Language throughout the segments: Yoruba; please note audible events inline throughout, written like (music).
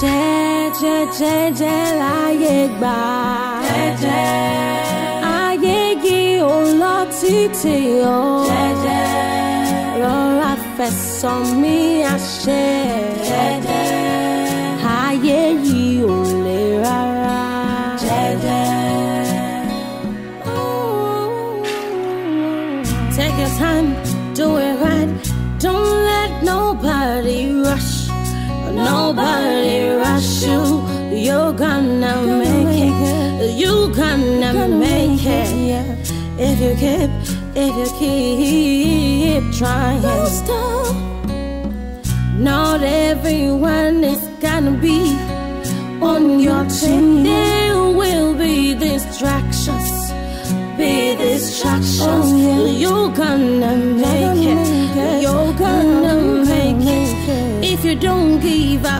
jẹ́jẹ́ jẹ́jẹ́ láyé gbà. jẹ́jẹ́. ayé yìí ò lọ títì o. jẹ́jẹ́. rọra fẹ̀sọ̀ mi àṣẹ. jẹ́jẹ́. trust you. You're gonna make it. You're gonna make it. If you keep, if you keep trying. Don't stop. Not everyone is gonna be on your team. There will be distractions. Be distractions. Oh, You're gonna make it. You're gonna make it. If you don't give up.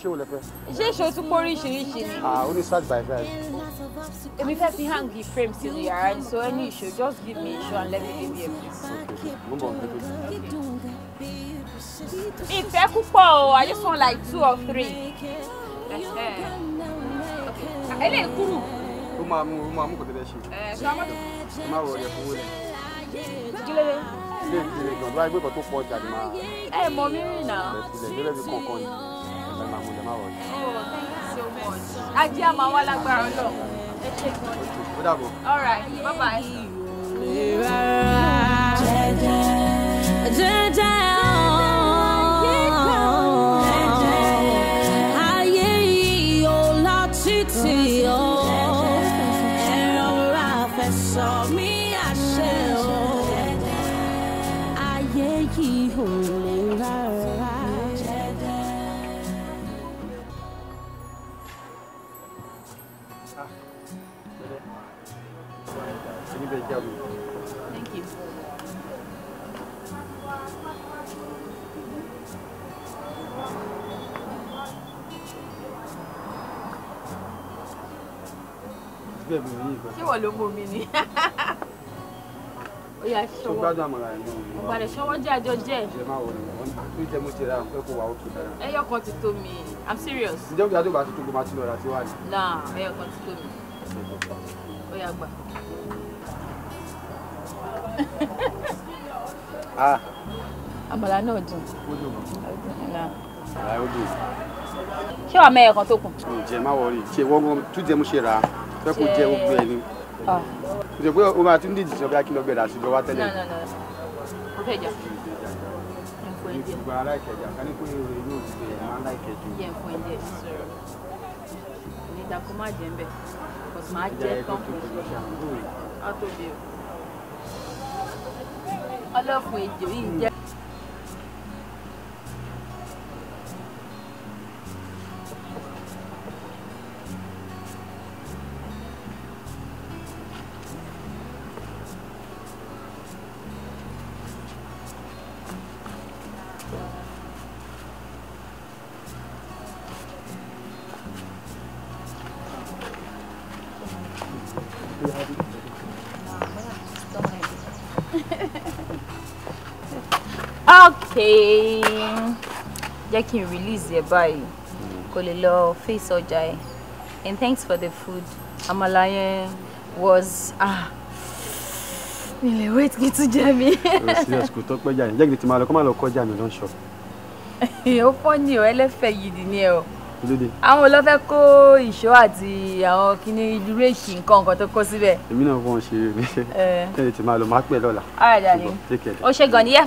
ṣé o lè fẹ́. ṣé tún kó oríṣiríṣi ni. ah only start by five. èmi fẹ́ fi hang the frame sínú yàrá ni so any issue just give me issue and let me give you a place. okay mo bọ̀ níbi. ìfẹ́ púpọ̀ o i just want like two or three. eléyìí kúrú. ó máa mú ó máa mú kò tẹ́lẹ̀ ṣe. ẹ ṣọ́ mọ́tò. má wọ ọ̀rẹ́ fún wọlé. kí ló dé ilé ìgbìmọ̀ ló wáyé pé kò tó pọ̀ jáde máa. ẹ mọ mímì náà. ìrẹsì ilẹ̀ ìrẹsì kọ̀ọ̀kan yìí. thank you so much all right bye bye. ṣé wọ́n ló mú mi ni. (laughs) ó yà ṣọwọ́ tó gbádùn àmàlà yẹn náà. ọ̀gbàdì ṣọwọ́ jẹ́ àjọ jẹ́. ẹ máa wọ̀ lọ́wọ́ tó jẹ́ mo ti ra nǹkan kó wà ó tó dára. ẹyọ kan ti tó mi i'm serious. ǹjẹ́ òkè àdó bá ti máa ti lọ ra tí wàá ní. náà ẹyọ kan ti tó mi ó gbà. (laughs) Ah. àmàlà náà dùn. ó dùn mọ́. ṣé wàá mẹ́yẹ̀ kan tó kù. ǹjẹ́ má wọrí ṣe wọ́n tún jẹ́ mo ṣe rà á fẹ́ kó jẹ gbogbo ẹ̀ ni mo jẹ pé o máa tún díjì sọ́bí akínlọ́ gbẹ̀dà sí lọ́wọ́ tẹ́lẹ̀. mo fẹ́ jà ìfúgbà aláìkẹjà ká ti dẹ̀ máa láìkẹjù. yẹ fún ẹjẹ sí á tó ọlọ́fun èjò yìí jẹ okay jẹ́ kí n release ẹ̀ báyìí kò lè lọ face ọjà ẹ̀ and thanks for the food àmàlà yẹn was ah mi lè wait kí tún jẹ mi. o serious kò tó pẹ́jà yẹn jẹ́ kí n ti máa lọ kó má lọ kọjá mi lọ́nṣọ́. (laughs) ó pọ́n ní o ẹlẹ́fẹ̀ẹ́ yìí ni ẹ o àwọn olófẹ́ kó ìṣó àti àwọn kíní ìdúró èkì nǹkan nǹkan tó kó síbẹ̀. èmi náà fọ́n ṣe é mi ṣe tẹ́lẹ̀ tí máa lọ máa pẹ́ lọ́la. ọ̀rẹ́ dàní o ṣe gan ni yẹ́.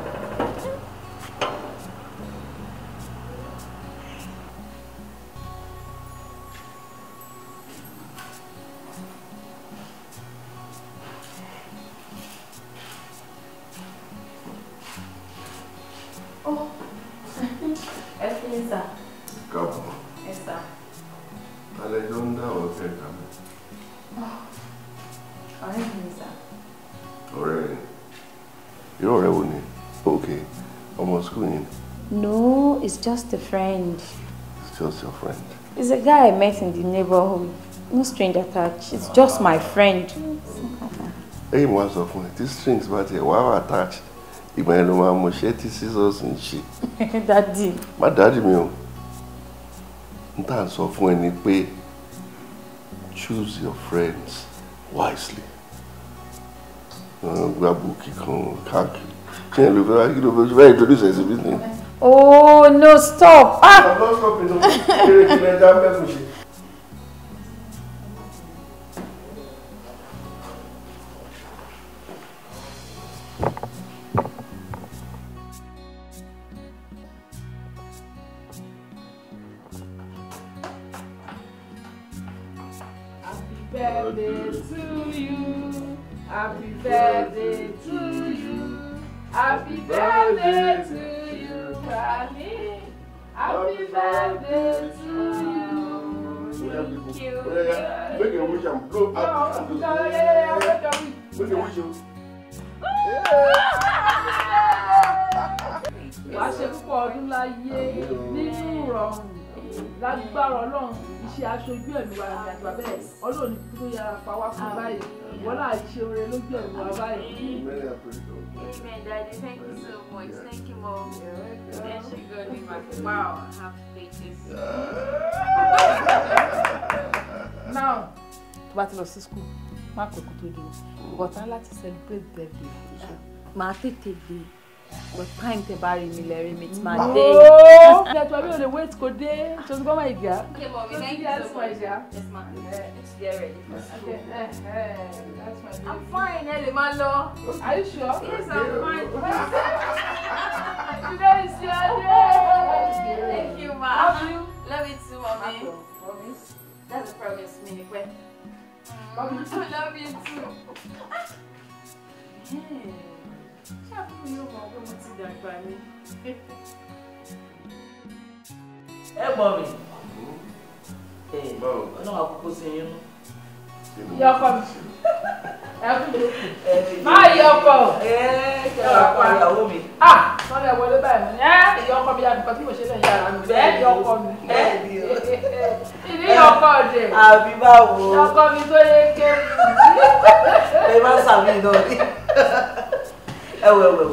just a friend. It's just your friend? It's a guy I met in the neighborhood. No stranger touch. It's just my friend. Èyí mo wá sọ fún ẹ, tí strings bá tiẹ̀ wá wà attached, ìgbà yẹn ló máa mọ ṣé tí scissors ń ṣe. (laughs) Dádì. Má dádì mi o. N you ń sọ fún ẹ ni pé choose your friends wisely. Gbá bùkì kan káàkiri. Kí ni ló fẹ́ wá kí ló fẹ́ ṣe báyìí introduce ẹ̀ sí business? Oh no stop! Ah! No, no stop inú Happy birthday to you. Happy birthday to you. Happy birthday to you. Happy birthday to you. Thank you. Make a wish and blow out. Oh, Make a wish. Oh. Wàá ṣe púpọ̀ ọdún láyé nínú ìrọ̀rùn lágbára Ọlọ́run aṣojú ẹ̀lú wa ìrìnàjò abẹ́rẹ́ Ọlọ́run tó yára pa wá fún báyìí wọ́n náà ṣe oore lójú ẹ̀rù wa Amen, Daddy. Thank you so much. Thank you, Mom. Thank you, God. Wow, I have pages. (laughs) Now, tó bá ti lọ sí school, má pẹ́ kó tó dé o. Bọ̀tán láti celebrate birthday. Màá tètè dé. okay thank you so much. yes Okay. Eh, eh, I'm fine eh, are you sure. yes I'm fine. (laughs) (laughs) today is your day. thank you ma. love you. love you too promise. that's a promise I (laughs) love you too. àbúrò yóò mọ̀ pé mo ti dàgbà ni. ẹ gbọ́ mi ọlọ́run àkókò sí yín mú. yọ ọkọ mi ẹ kú mi má yọ ọkọ ẹ sàmì náà ẹwọ ẹwọ ẹwọ.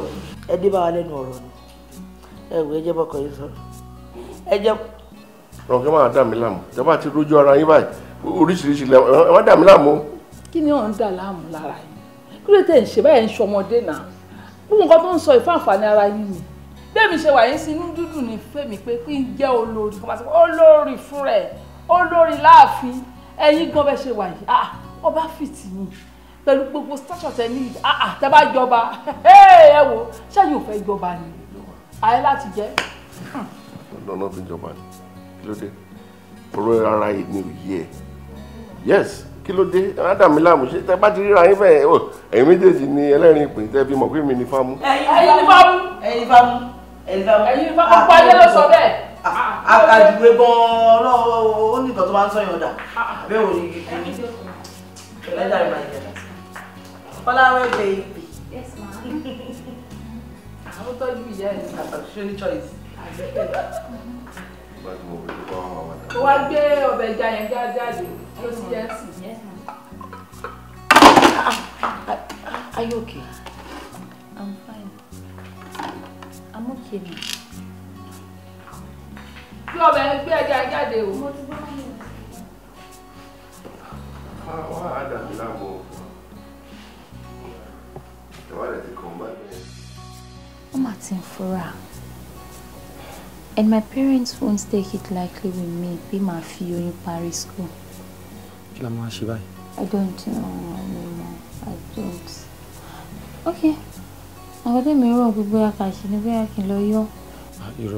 ẹ dé bá wa lẹ́nu ọ̀rọ̀ ni ẹwọ ẹ jẹ́ bọkọ yìí sọ̀rọ̀ ẹ jẹ́. rọ̀kẹ́ máa dà mí láàmú tẹ́ ti rójú ara yín báyìí oríṣiríṣi lẹ ẹ má dà mí láàmú. kí ni wọ́n ń dà láàmú lára yìí kí ló tẹ̀ ń ṣe báyìí ń ṣọmọdé náà bí nǹkan tó ń sọ ìfún àǹfààní ara yín ni bẹ́ẹ̀ mi ṣe wà yín sí inú dúdú ní fẹ́mi pé kí n jẹ́ olórí kọ́ máa sọ olórí fún rẹ̀ olórí láàfin ẹ̀yin gan bẹ́ẹ̀ ṣe wà yìí ah, ọba fìtì yìí pẹ̀lú gbogbo stature tẹ ní ah, ah, tẹ bá jọba ẹ wo ṣẹ́yìn ò fẹ́ jọba ni ayé láti jẹ́. lọ́dọ̀ náà fi jọba ni kí ló dé ọ̀rọ̀ ara yìí ni òye ẹ̀ yes kí ló dé ádàmí láàmú ṣe tẹ bá ti ríra yín bẹ́ẹ̀ o ẹ̀yin méjèèjì ni ẹlẹ́rìn ìpè tẹ́ fi mọ̀ pé mi ni fámú. ẹ̀yin ni fámú ẹ̀yin fámú ẹ̀yin fámú ẹ̀yin fámú ọ̀pọ̀ ayé ló sọ bẹ́ẹ̀. àkàjùwe ah, gan-an ó ní nǹkan tó máa ń sọ yàn dà bẹ́ẹ̀ ò ní ẹlẹ́dàá ìmọ̀ Fọláwẹ́ baby. Yes ma'am. ma. Àwọn tọ́jú ìyá ẹ̀ ní àtàkùsọ́lì choice. Àgbẹ̀kẹ̀dá. Ó wá gbé ọbẹ̀ ẹja yẹn jáde ló ti jẹ́ sí. Are you okay? I'm fine. I'm okay now. Bí ọbẹ̀ yẹn gbé ẹja jáde o. Mo ti bá wọn. Wọ́n á dàbí wọ́n mà ti fura and my parents won't take it lightly with me bí màá fi oyún Paris school. kí la I don't know anymore I don't. okay I got a mirror, àkàṣe ni bóyá kí n lọ yọ. Ah, irọ́ o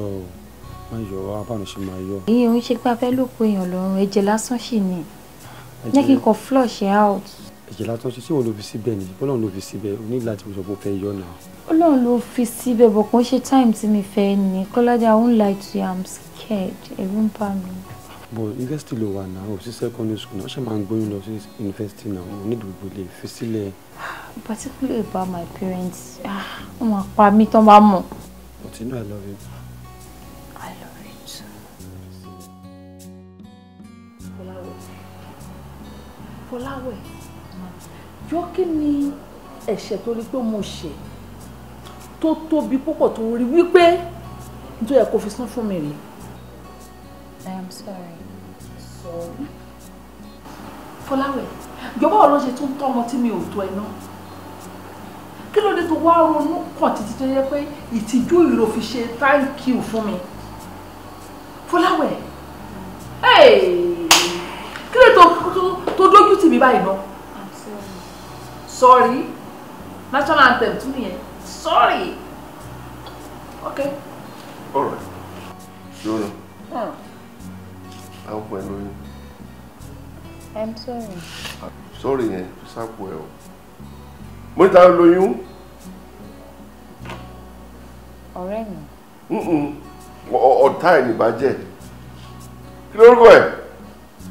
má yọ wá báwọn ṣe máa yọ. èyí ò ń ṣe pé a fẹ́ lò pé èèyàn lọ́rùn ẹ̀jẹ̀ lásán ṣì ni jẹ́ flush out ìjìlá tó ṣe sí òun ló fi síbẹ̀ ni ọlọ́run ló fi síbẹ̀ o láti sọ pé fẹ́ yọ náà. ọlọ́run ló fi síbẹ̀ bọ̀ kó ṣe time tí mi fẹ́ ni kọ́lájà i won't lie to you i'm scared ẹ̀rù ń bà mí. bọ̀ yunifásitì ló wà náà òsì secondary school náà ṣe máa ń gbóyún lọ sí yunifásitì náà òun ní ìdìbò lè fi sílẹ̀. particularly about my parents ah, wọ́n máa pa mí tán bá mọ̀. but you know i love you. i love you too. Fọláwẹ̀. Fọláwẹ̀ jọ kí ni ẹ̀ṣẹ̀ tó rí pé mo ṣe tó tóbi púpọ̀ tó rí wípé nítorí ẹ̀ kò fi san fún mi rí. sorry. Sorry. Fọláwẹ̀, ìjọba ọ̀rọ̀ ṣe tún tọ́ ọmọ tí mi ò tó ẹ náà. Kí ló dé tó wá ronú kàn títí tó yẹ pé ìtìjú ìrò fi ṣe thank fún mi? Fọláwẹ̀, sorry national anthem tún nìyẹn sorry ok. ọ̀rọ̀ lórí àwọn ọmọ ẹ lórí. i'm sorry. sorry yẹn tó sápò ẹ o mo ní ta lóyún. ọ̀rẹ́ mi. ọ̀tá ẹ̀ nìbàjẹ́ kí lórúkọ ẹ̀.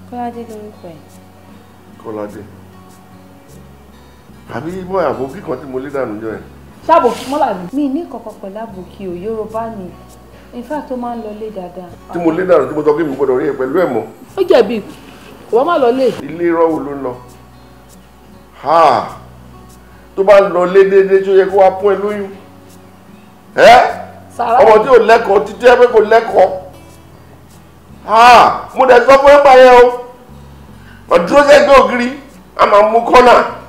kọ́ládé lórúkọ ẹ̀. kọ́ládé àbí bọ́ àbòkí kan tí mo lé dànù jọ ẹ̀. ṣàbòkí mọ́là ni. mi ní kọ̀kọ̀ pẹ̀lú àbòkí o yorùbá ni in fact ó máa ń lọ lé dáadáa. tí mo lé dànù tí mo sọ pé mi gbọdọ̀ rí ẹ pẹ̀lú ẹ̀ mọ́. ó jẹ̀bi wọ́n má lọ lé. ilé rọ́wù ló ń lọ tó bá lọ lé déédéé tó yẹ kó wá pọ́n ẹ lóyún ọmọ tí ò lẹ́kọ̀ọ́ títí ẹ pé kò lẹ́kọ̀ọ́ mo dẹ̀ sọ fún ẹ báyẹn o ọ̀dúró sẹ́gbẹ́ ògiri a máa mú kọ́nà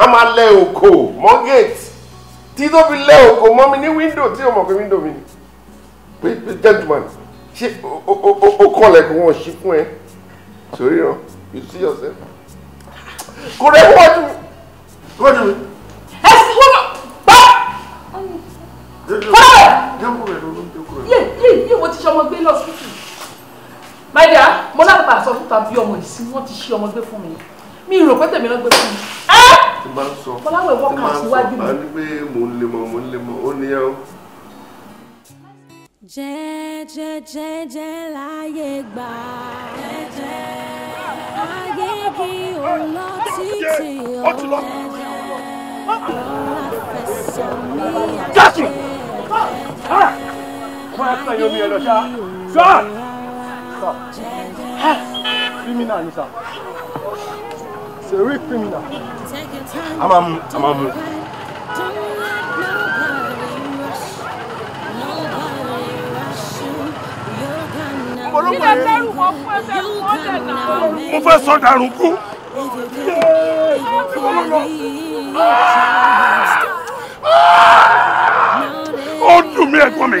a máa lẹ òkò mọ́ gate tí tó fi lẹ òkò mọ́ mi ní window tí o mọ̀ pé window mi ni pé pé gentleman ṣé o kọ́ lẹ́kùn wọn ṣí fún ẹ sórí ràn you see yourself kò rẹ̀ wọ́n ju wọ́n ju mi. ẹ sì wọ́n bá. fọlọ́wẹ̀. jókòó rẹ̀ ló ń jókòó rẹ̀. yé yé yé mo ti ṣe ọmọ gbé lọ sí tù. my dear mo lágbàá sọ fún tàbí ọmọ ìsìn wọn ti ṣe ọmọ gbé fún mi mi rò pé tèmi lọ́gbẹ́ fún mi. tí máa ń sọ Fọláwẹ̀ wọ́ọ̀kà síwájú mi. máa ń gbé ń lè mọ mò ń lè mọ ó níyà ó. jẹ́jẹ́jẹ́jẹ́ láyé gbà jẹ́jẹ́ ayé kí olótìtì ọ̀jẹ̀jẹ̀ lọ́la fẹsẹ̀ mi àjẹ́ jẹ́jẹ́ jẹ́jẹ́. Criminal, sir is a real criminal. A máa mú a máa mú. Mo fẹ́ sọ dàrú kú. Ó dùn mí ẹ̀gbọ́n mi.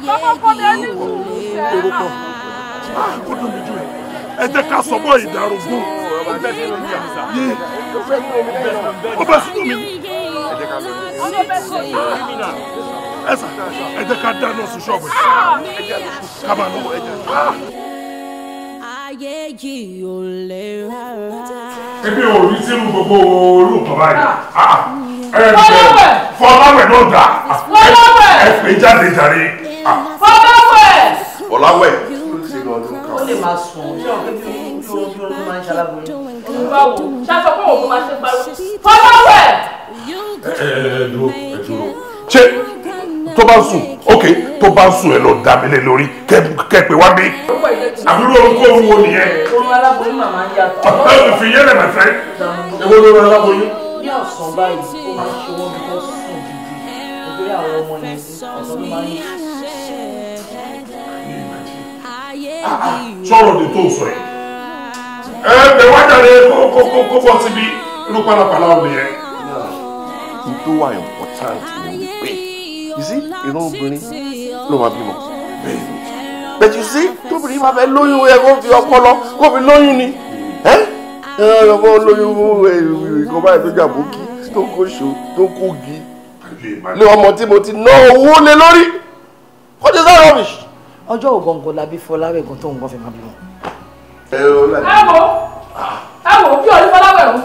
yìí ò lè rà. ó dùn mí jù ẹ jẹ́ ká sọ bọ́ ìdàrúgún yé ó bẹ́ sínú mi ẹ sà ẹ jẹ́ ká dáná sí ṣọ́ọ̀bù ká máa lọ́wọ́ ẹ jẹ́ ah. ayé yìí ò lè rárá. ebi ò rí sínú gbogbo olú nǹkan báyìí ah, ah. ẹ ẹ fọláwẹ náà dá ẹ pè jáde jáde ọ̀làwẹ̀ ó lè máa sùn ṣé wọn pé bí ojú oorun máa ń ṣaláboyún. olùbáwò ṣáṣọ pé òun máa ṣe gbàgbọ́ fọláwẹ̀. ẹ ẹ dúró ẹ dúró ṣé tó bá sùn ok tó bá sùn ẹ lọ dá mi lé lórí kẹ pé wá dé àbúrò orúkọ wo nìyẹn. orun aláboyún màmá ń yàtọ̀. ọ̀pẹ́ òfin yẹn lè máa fẹ́ ewu lórí aláboyún. ní ọ̀sán báyìí ó máa ṣe bí wọ́n sùn gidi nítorí àwọn ọmọ yẹn ọ̀sán máa ń Ah, ah, sọ̀rọ̀ ni tó sọ yìí ẹ bẹ wá jáde kó bọ́ síbi inú pálapàla ọ̀lẹ̀ yẹn. n tó wà important ni wípé you see ìran obìnrin ló máa bímọ but you see tóbìnrin máa fẹ́ lóyún ẹ kó fi ọpọlọ kó fi lóyún ni ẹ ẹ ọmọ lóyún ìkọ́ báyìí tó jà bókí tó kóṣo tó kógi ni ọmọ tí mo ti ná owó lé lórí what is that rubbish ọjọ́ ògọ̀ǹgọ̀ làbí fọláwẹ̀ gan tó ń gbọ́n fi máa bímọ. ẹ o láti. ẹ wo ẹ wo O orí fọláwẹ̀ o.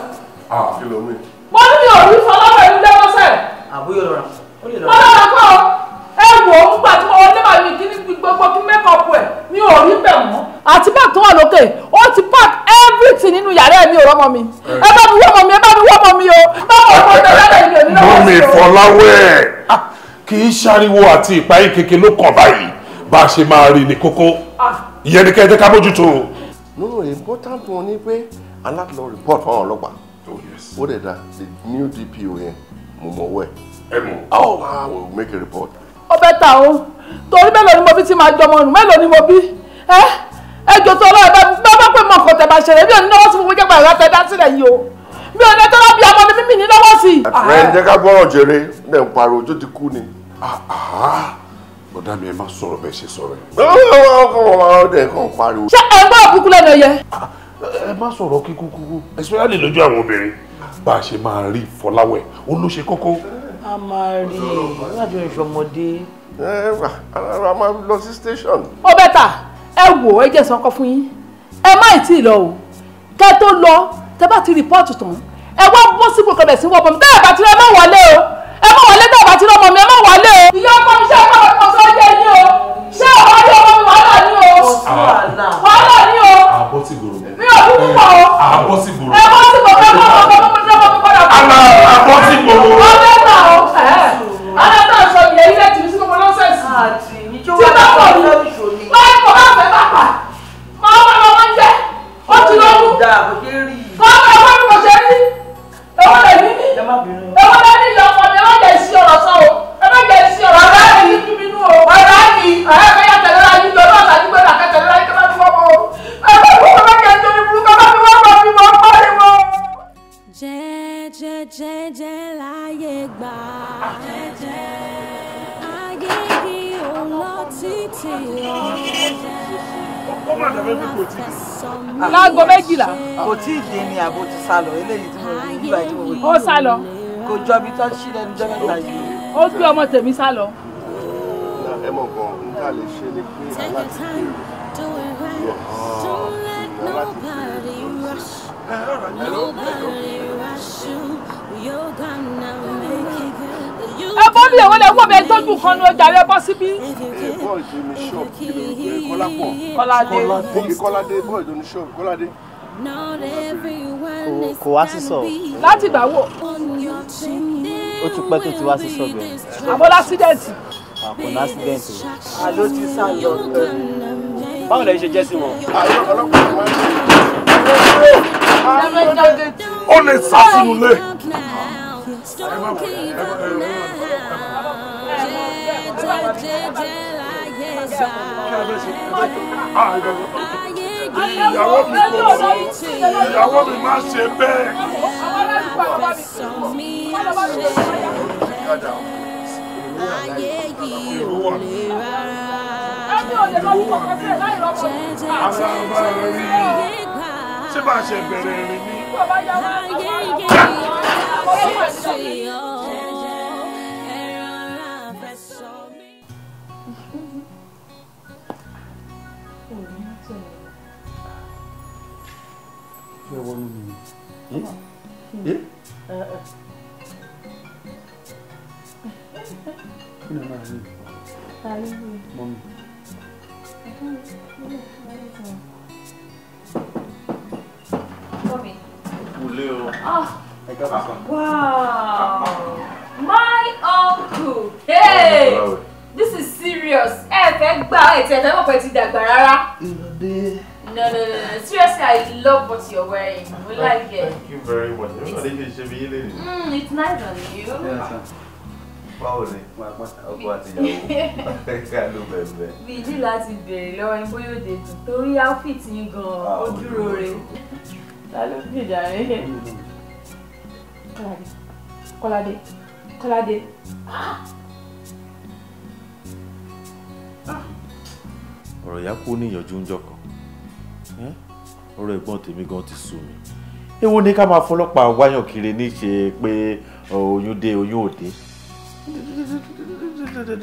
a kí ló mìíràn. mo ní bí orí fọláwẹ̀ ń dẹ́gbọ́sẹ̀. àbúyọ lọ ra ó lè lọ. ó lọ́ra kọ́ ọ ẹ wo nígbà tí mo wọlé màmí kí ní gbogbo kí mẹ́kọ̀ọ̀pù ẹ̀ mi ò rí bẹ̀ mọ́. àti park tó wà lókè O ti park everything nínú yàrá ẹ̀ mi ò rọ́mọ mi ẹ bá mi wọ́mọ mi ẹ bá mi wọ́mọ mi o báwo ọmọ ìdọ̀lẹ́dẹ̀ ìdè mi lọ́wọ́ sí o. mọ́mì fọláwẹ́ kì í ṣariwo àti ìpayín kékeré ló kàn báyìí bá a ṣe máa rí ní kókó ìyẹn ni kẹ́ẹ̀dẹ́ ká bójútó. nínú important one ni pé aláàtúntò report fún àwọn ọlọ́pàá oh, ó dẹ̀ da the new DPO yẹn mo mọ̀ wẹ̀ ẹ A ọ́ I will make a report. ọbẹ̀ ta o torí mélòó ni mo bí ti máa jọmọ nù mélòó ni mo bí ẹ jò tó ọlọ́ọ̀ bá bá pé mọ̀ kọ̀tẹ̀ bá ṣẹlẹ̀ bí ò ní lọ́wọ́ sí fún jẹ́pà ìrántẹ́ dá sílẹ̀ yìí o mi ò ní tọ́lá bí ọmọ mi mímì ní lọ́wọ́ sí. ẹ jẹ́ ká gbọ́rọ̀ jèrè ní ń pariwo ojú ti kú ni. Ah, ah bọ̀dá mi ẹ má sọ̀rọ̀ bẹ́ẹ̀ ṣe sọ̀rọ̀ yẹn. ọ̀dẹ̀ kan pariwo. ṣé ẹ gbọ́ òkúkú lẹ́nu ẹyẹ. ẹ má sọ̀rọ̀ kíkú kúkú especially lójú àwọn obìnrin bá a ṣe máa rí Fọláwẹ̀ ó ló ṣe kókó. a máa rí ìwádìí ìṣọmọdé. ẹ wà ara máa lọ sí station. ó bẹ́tà ẹ wò ẹ jẹ́ sanko fún yín ẹ má ì tí ì lọ o kẹ́ tó lọ tẹ́ bá ti rìpọ́ọ̀tù tán ẹ wá bó síbò kan bẹ̀ sí wọ́pọ̀ mi tẹ́ ẹ bá ti rẹ mọ́ wọlé o ẹ mọ́ wọlé bá ti rọmọ mi ẹ má wálé o. ìyá ọkọ mi ṣe ọkọ ọkọ sọ jẹ o ṣé ọwọ́ ní ọmọ mi wàhálà ní o. wàhálà ní o. mi ò dúdú pọ̀ o. àbọ̀ sì gbòòrò. ẹ bọ́ sí gbòòrò ẹ bọ́ sí gbòòrò ẹ bọ́ sí gbòòrò. àbò ti sá lọ eléyìí tí mo rí nígbà tí mo wò. ó sá lọ. kò jọ bí tó ṣí lẹ́nu jẹ́ mẹ́ta yìí. ó gbé ọmọ tèmi sá lọ. ẹ mọ̀ gan n ta lè ṣe ni pé aláti ẹ bọ́ mi ìwé lẹ́wọ́ bẹ́ẹ̀ tọ́jú kan ní ọjà rẹ bọ́ síbí. bọ́ọ̀lù tó ní ṣọ́ọ̀bù kí ló ń pè é kọ́lápọ̀ kọ́ládé kọ́ládé bọ́ọ̀lù tó ní ṣọ́ọ̀bù kọ́ládé kò wá sí sọ. láti ìgbà wo. ó ti pẹ́ tó ti wá sí sọ bẹ́ẹ̀. àbọ̀ lásídẹ̀ǹtì. àpò lásídẹ̀ǹtì. àló ti sá lọ eh. báwo lẹ ṣe jẹ́ sí wọn. àlọ́ ọlọ́pàá máa ń ṣe. ó lè sá sínú ilé. Jẹ́jẹ́ láyé sá ìyàwó mi kò ìyàwó mi má ṣe bẹ́ẹ̀. ayé yìí ò lè rárá jẹjẹrẹ ayé gbà ṣé bá a ṣe bẹ̀rẹ̀ rẹ̀ ni. ayé yìí ò lè rárá. wọnú mi kí ni máa ní mọ́ mi. Kule o. Ah! Ẹ káàbọ̀ kan. Wow! My uncle! Hey! This is serious. Ẹ fẹ́ gbà ẹ̀ tí ẹ fẹ́ mọ̀ pé ti dàgbà rárá. No, no, no, no. Seriously, I love what you're wearing. We like it. Thank you very much. It's, I think it should be lady. Mm, it's nice on you. Yes, báwo ni ọkọ àtìyàwó bẹ̀rẹ̀. bíjí láti béèrè lọ́wọ́ yín bóyá òde tù torí outfit yín gan-an ah, ó dúró re ta ló bì dàrí. kọ́ládé kọ́ládé kọ́ládé. Ah! Ah! ọ̀rọ̀ ìyá kú níyànjú ń jọkọ̀ ọ̀rọ̀ ẹ̀gbọ́n tèmi gan ti sú mi èwo ni ká máa fọlọ́pàá wáyàn kiri ní ṣe pé oyún dé oyún ò dé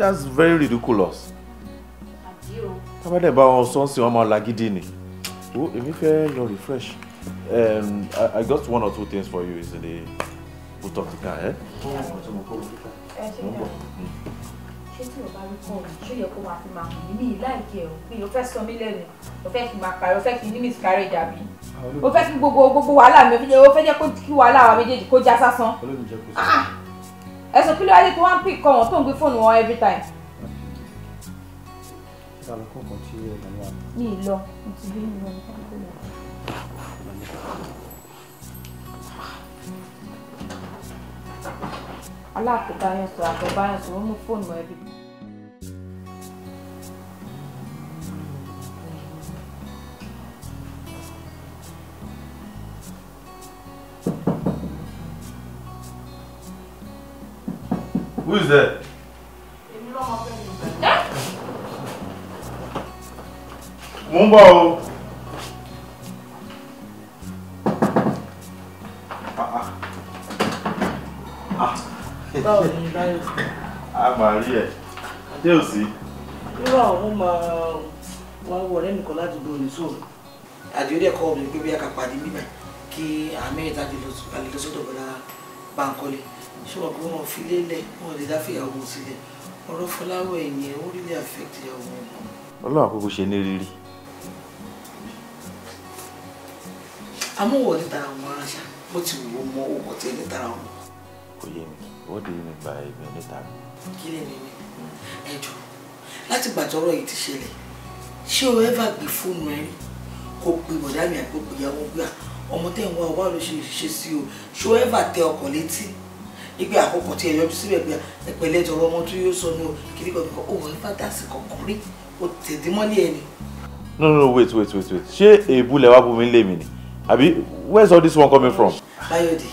that's very ridiculous tábàdẹ̀ bá wọn sọ́nsì wọn máa lagídí ni wo èmi fẹ́ yan refresh um, I, I got one or two things for you is in the put up the car. Eh? Yeah. Mm -hmm ṣé tí o bá rí kọ́ ọ̀rọ̀ ṣó yẹ kó máa fi máa hàn mí ní ìláìkí ẹ̀ òpin o fẹ́ sọ mí lẹ́nu o fẹ́ kí máa parí o fẹ́ kí n ní miscarriage àbí o fẹ́ kí gbogbo gbogbo wàhálà mi o fẹ́ jẹ́ kí wàhálà wa méjèèjì kó já sásán ẹ̀sùn ah, ah. kí tó wá ń pè kọ́ wọn tó ń gbé fóònù wọn every time. ní ìlọ mo ti gbé ìlọ nípa tó lọ. aláàkóbá yẹn sọ àkóbá yẹn sọ ó mú fóònù ẹbí. Who is that? Mo Ah. bọ̀ ah. o. Ah. Báwo ni Báyọ̀? A máa rí ẹ̀. Ṣé ò sí? Irú àwọn ọmọ wa wọ̀rẹ́ nìkan láti a sóòrò. Àdìo dẹ̀ kọ́ ọ̀bìnrin pé bí a kà pàdé níbẹ̀ kí àmì ìta lè lọ sọ́dọ̀ ṣùgbọ́n pé wọn filé fi lélẹ̀ wọn ò lè dáfìyàwó sílẹ̀ ọ̀rọ̀ Fọláwọ̀ ẹ̀yìn ó rí lè affect ìyàwó wọn. ọlọ́run àkókò ṣe ní rírí. amúwọ̀ ní tara wọn aráṣà bó ti wù ó mọ òwò tí ẹni tara wọn. kò yé mi wọ́n dé mi gba èmi níta. kí lè ní mi ẹ jọ láti gbàtọ́rọ yìí ti ṣẹlẹ̀ ṣé o ẹ́fà gbé fóònù ẹ rí kó pe bọ̀dá mi àgbègbè ìyàwó gbà ọmọ tẹ̀ ń wá ọwọ́ àlọ́ ṣe ṣe sí o ṣé o ẹ́fà tẹ ọkọ̀ létí ibi àkókò tí ẹ yọjú síbẹ̀ pé ẹpẹ̀lẹ́ tọrọ ọmọ tó yóò sọnù kiri kankan òun ní fàdásì kankan rí o tètè mọ́lẹ̀ ẹ ni. no no wait wait wait wait ṣé èébú lẹ wá bú mi lèmi ni àbí where's all this one coming from. Báyọ̀dé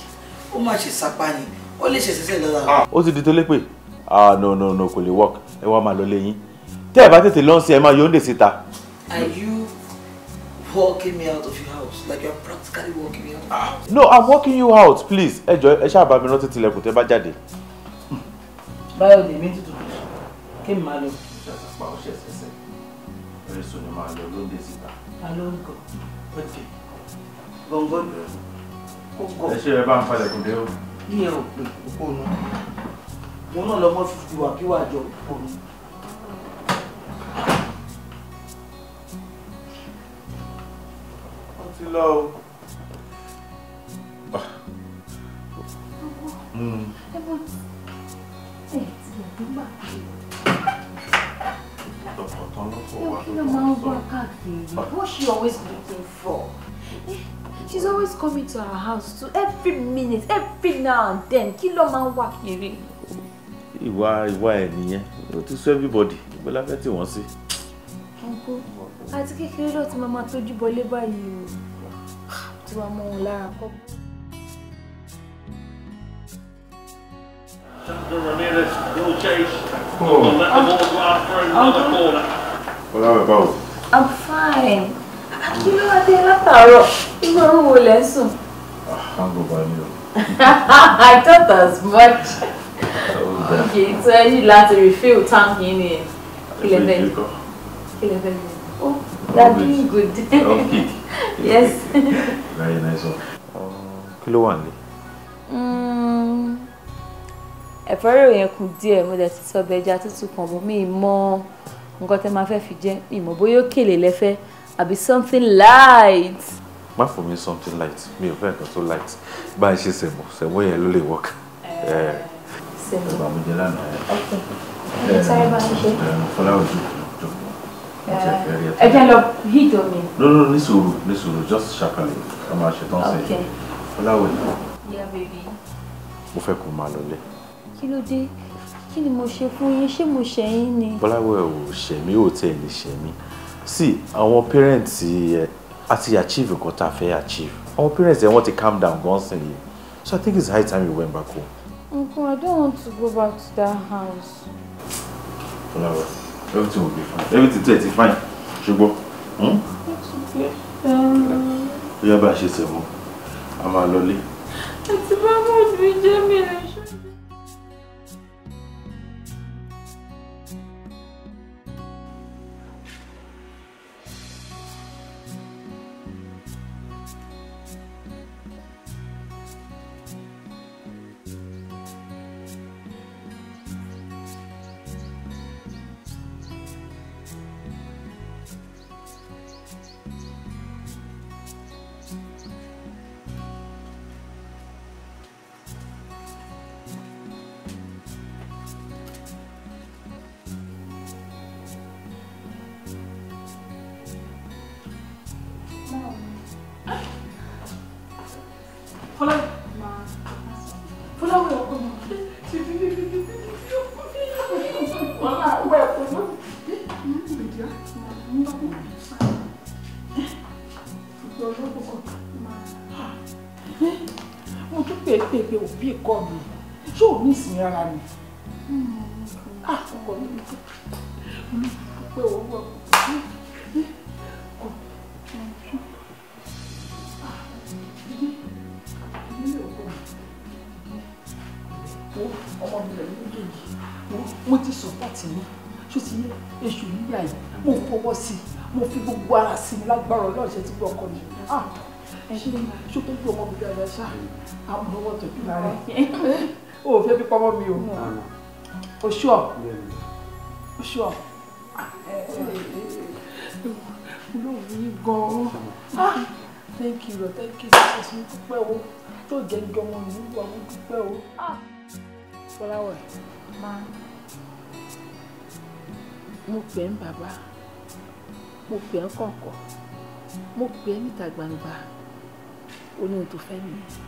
ó má ṣe sapá ni ó lè ṣe ṣẹṣẹ lọ́la. Ah, ó ti di tó lépè ah no no no kò lè work ẹ wá máa lọ lẹ́yìn tẹ́ ẹ bá tètè lọ́ọ̀sì ẹ máa yọ̀ǹde síta. are you walking me out of here? like you practically walking me out. Ah. no i'm walking you out please ẹ jọ̀ọ́ ẹ ṣáà bá mi rántí tilẹ̀kùn tẹ́ bá jáde. báyọ̀ lè mí tutù kí n máa lọ. ṣàtìpá ọṣẹ ṣẹṣẹ eré sùn ni màá lọ lóde síta. alo nǹkan ọjẹ gbọngàn kókó. ẹ ṣe ẹ bá ń palẹ̀kùn dé o. ìyẹn ò pè kókó nu mo náà lọ mọ fífi wàkíwà jọ kókó nu. ti lọ o. Tọkàntán ló fọ wá lọ́wọ́ What she always looking for? Eh, she's always coming to our house to every minute, every now and then. Kí ló máa ń wá kiri? Ìwà ìwà ẹ̀ nìyẹn. O ti sọ everybody. Ìgbé láfẹ́ tí wọ́n sí. Uncle, àti kékeré lọ́ọ́ ti máa máa tójú bọlé o. Tuwa Ramirez chase. Oh. I'm fine. You know what they're about? You know who will I'm I thought as much. Okay, so you like to refill tank in here. They're doing good. (laughs) yes. (laughs) Very nice one. Uh, Kí ló wà ní? Mm. Ẹ̀fọ́ rẹ̀ yẹn kù díẹ̀, mo dẹ̀ ti sọ bẹja tútù kan bọ̀ mí mọ́ nǹkan tẹ́ máa fẹ́ fi jẹ́ ìmọ̀ bóyá ó something light. Má for me something light, Me ò fẹ́ nǹkan light. Bá a ṣe sẹ̀mọ̀, sẹ̀mọ̀ yẹn ló lè work. Eh. eh Ẹ̀bà mi Okay. Sorry, Ọkùnrin. Ẹ Okay. bá a ṣe. Eh, Fọlá òjò ẹ jẹ́ lọ hídò mi. lóró ní sùúrù ní sùúrù just ṣàkàlẹ̀ ká máa ṣetán sí i ọláwẹ̀ náà. ìyá bèbí. mo fẹ́ kó máa lọlé. kí ló dé kí ni mo ṣe fún yín ṣé mo ṣe yín ni. bọ́láwẹ̀ ò ṣẹ̀mí ò tẹ̀ lè ṣẹ̀mí sí àwọn pẹ́rẹ́ǹtì ẹ̀ a ti achieve nǹkan tá a fẹ́ achieve àwọn parents ẹ̀ wọ́n ti calm down gan sin yìí so i think it's high time you went back home. nkun i don't want to go back to that house. Fúláwẹ̀ everything will be fine everything tó ẹ ti fine ṣùgbọ́n hmm? ó yá bá a ṣe tẹ̀ a máa lọlé. a bá mọ̀ sí jẹ́ mi lè lára mi. ọkọ mi pé òun wọ. ọmọ mi lẹ́yìn méjèèjì mo ti sọ́pọ̀tì mi ṣó ti yé èṣù yíyá yìí mo fọwọ́ sí i mo fi gbogbo ara sí i lágbára ọlọ́ọ̀ṣẹ́ tí gbọ́ ọkọ mi ah, ṣó tó gbọ́ ọmọ mi dáadáa ṣáà àwọn ọmọ tọ́jú lára ẹ̀ o ò fẹ́ bí pamọ́ mi o ah, o ṣọ́ o ṣọ́ eh, eh, eh. olóòwò yìí gan-an ah, thank you lord thank you jesus mo dúpẹ́ o tó jẹ́ jọ ọmọ ìlú wa mo dúpẹ́ o. Ah. fọláwọ̀ máa mo pè ń bàbá mo pè ń kọ̀ọ̀kọ̀ mo pè ń níta gbangba oníhun tó fẹ́ nìyẹn.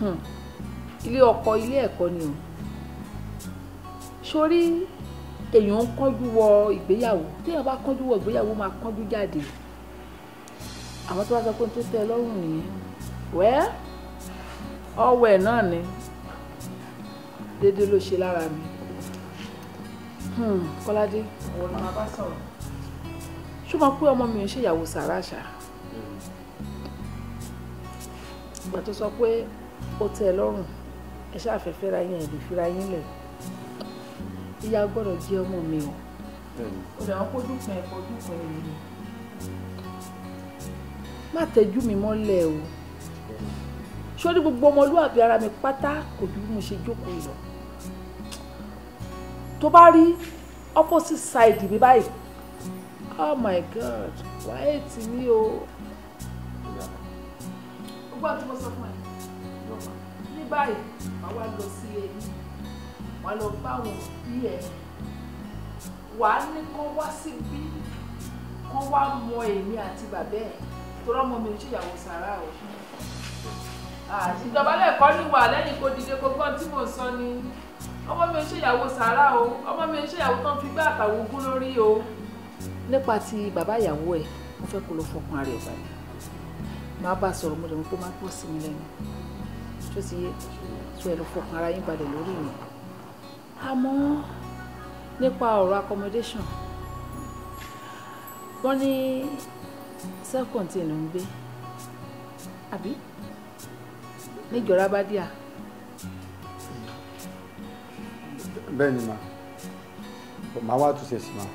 Hmm. ilé ọkọ ilé ẹ̀kọ́ ni o sórí èèyàn ń kánjú wọ ìgbéyàwó téèyàn bá kánjú wọ ìgbéyàwó máa kánjú jáde àwọn tó bá sọ pé tó tẹ́ ẹ lọ́rùn nìyẹn wẹ́ ọwọ́ ẹ̀ náà ni déédéé ló ṣe lára mi hmm, kọ́ládé ọ̀rọ̀ ni màá bá sọ̀rọ̀ ṣó máa pé ọmọ mi ò ṣèyàwó sàràṣà hmm. ìgbà tó sọ pé ó tẹ́ ẹ lọ́rùn ẹ ṣáàfẹ́ fẹ́ra yín ẹ̀dì fira yín lẹ̀ ìyá gbọ́dọ̀ jẹ́ ọmọ mi o. ọ̀dà ọkọ̀dún kan ẹ̀kọ́ ọdún kan èyí. má tẹ́jú mi mọ́lẹ̀ o sórí gbogbo ọmọlúwàbí ara mi pátá kò ju bí mo ṣe jókòó lọ tó bá rí opposite side mi báyìí oh my god wáyé tì mí o. ó gbọ́dọ̀ tí mo sọ fún ẹ lọ mà ní báyìí màá wá lọ sí ẹni wàá lọ bá àwọn òbí ẹ wàá ní kán wá síbí kán wá mọ èmi àti bàbá ẹ tó rọ́mọ mi ṣèyàwó sàrà o ìdọ̀bálẹ̀ kọ́ ní wà lẹ́yìn kó dìde gbogbo tí mò ń sọ ni ọmọ mi ṣèyàwó sàárà o ọmọ mi ń ṣèyàwó tán fi gbá àtàwọn ogún lórí o. nípa ti bàbá ìyàwó ẹ mo fẹ́ kó lọ fọkàn rẹ̀ balẹ̀ máa bá a sọ̀rọ̀ mo lè mú kó má pọ̀ sí mi lẹ́nu tó ti yé tó ẹ lọ fọkàn ara yín balẹ̀ lórí mi àmọ́ nípa ọ̀rọ̀ accommodation wọ́n ní self-contained ló ń gbé àbí níjọra bá díà. bẹ́ẹ̀ ni màá màá wá túnṣe sí màá.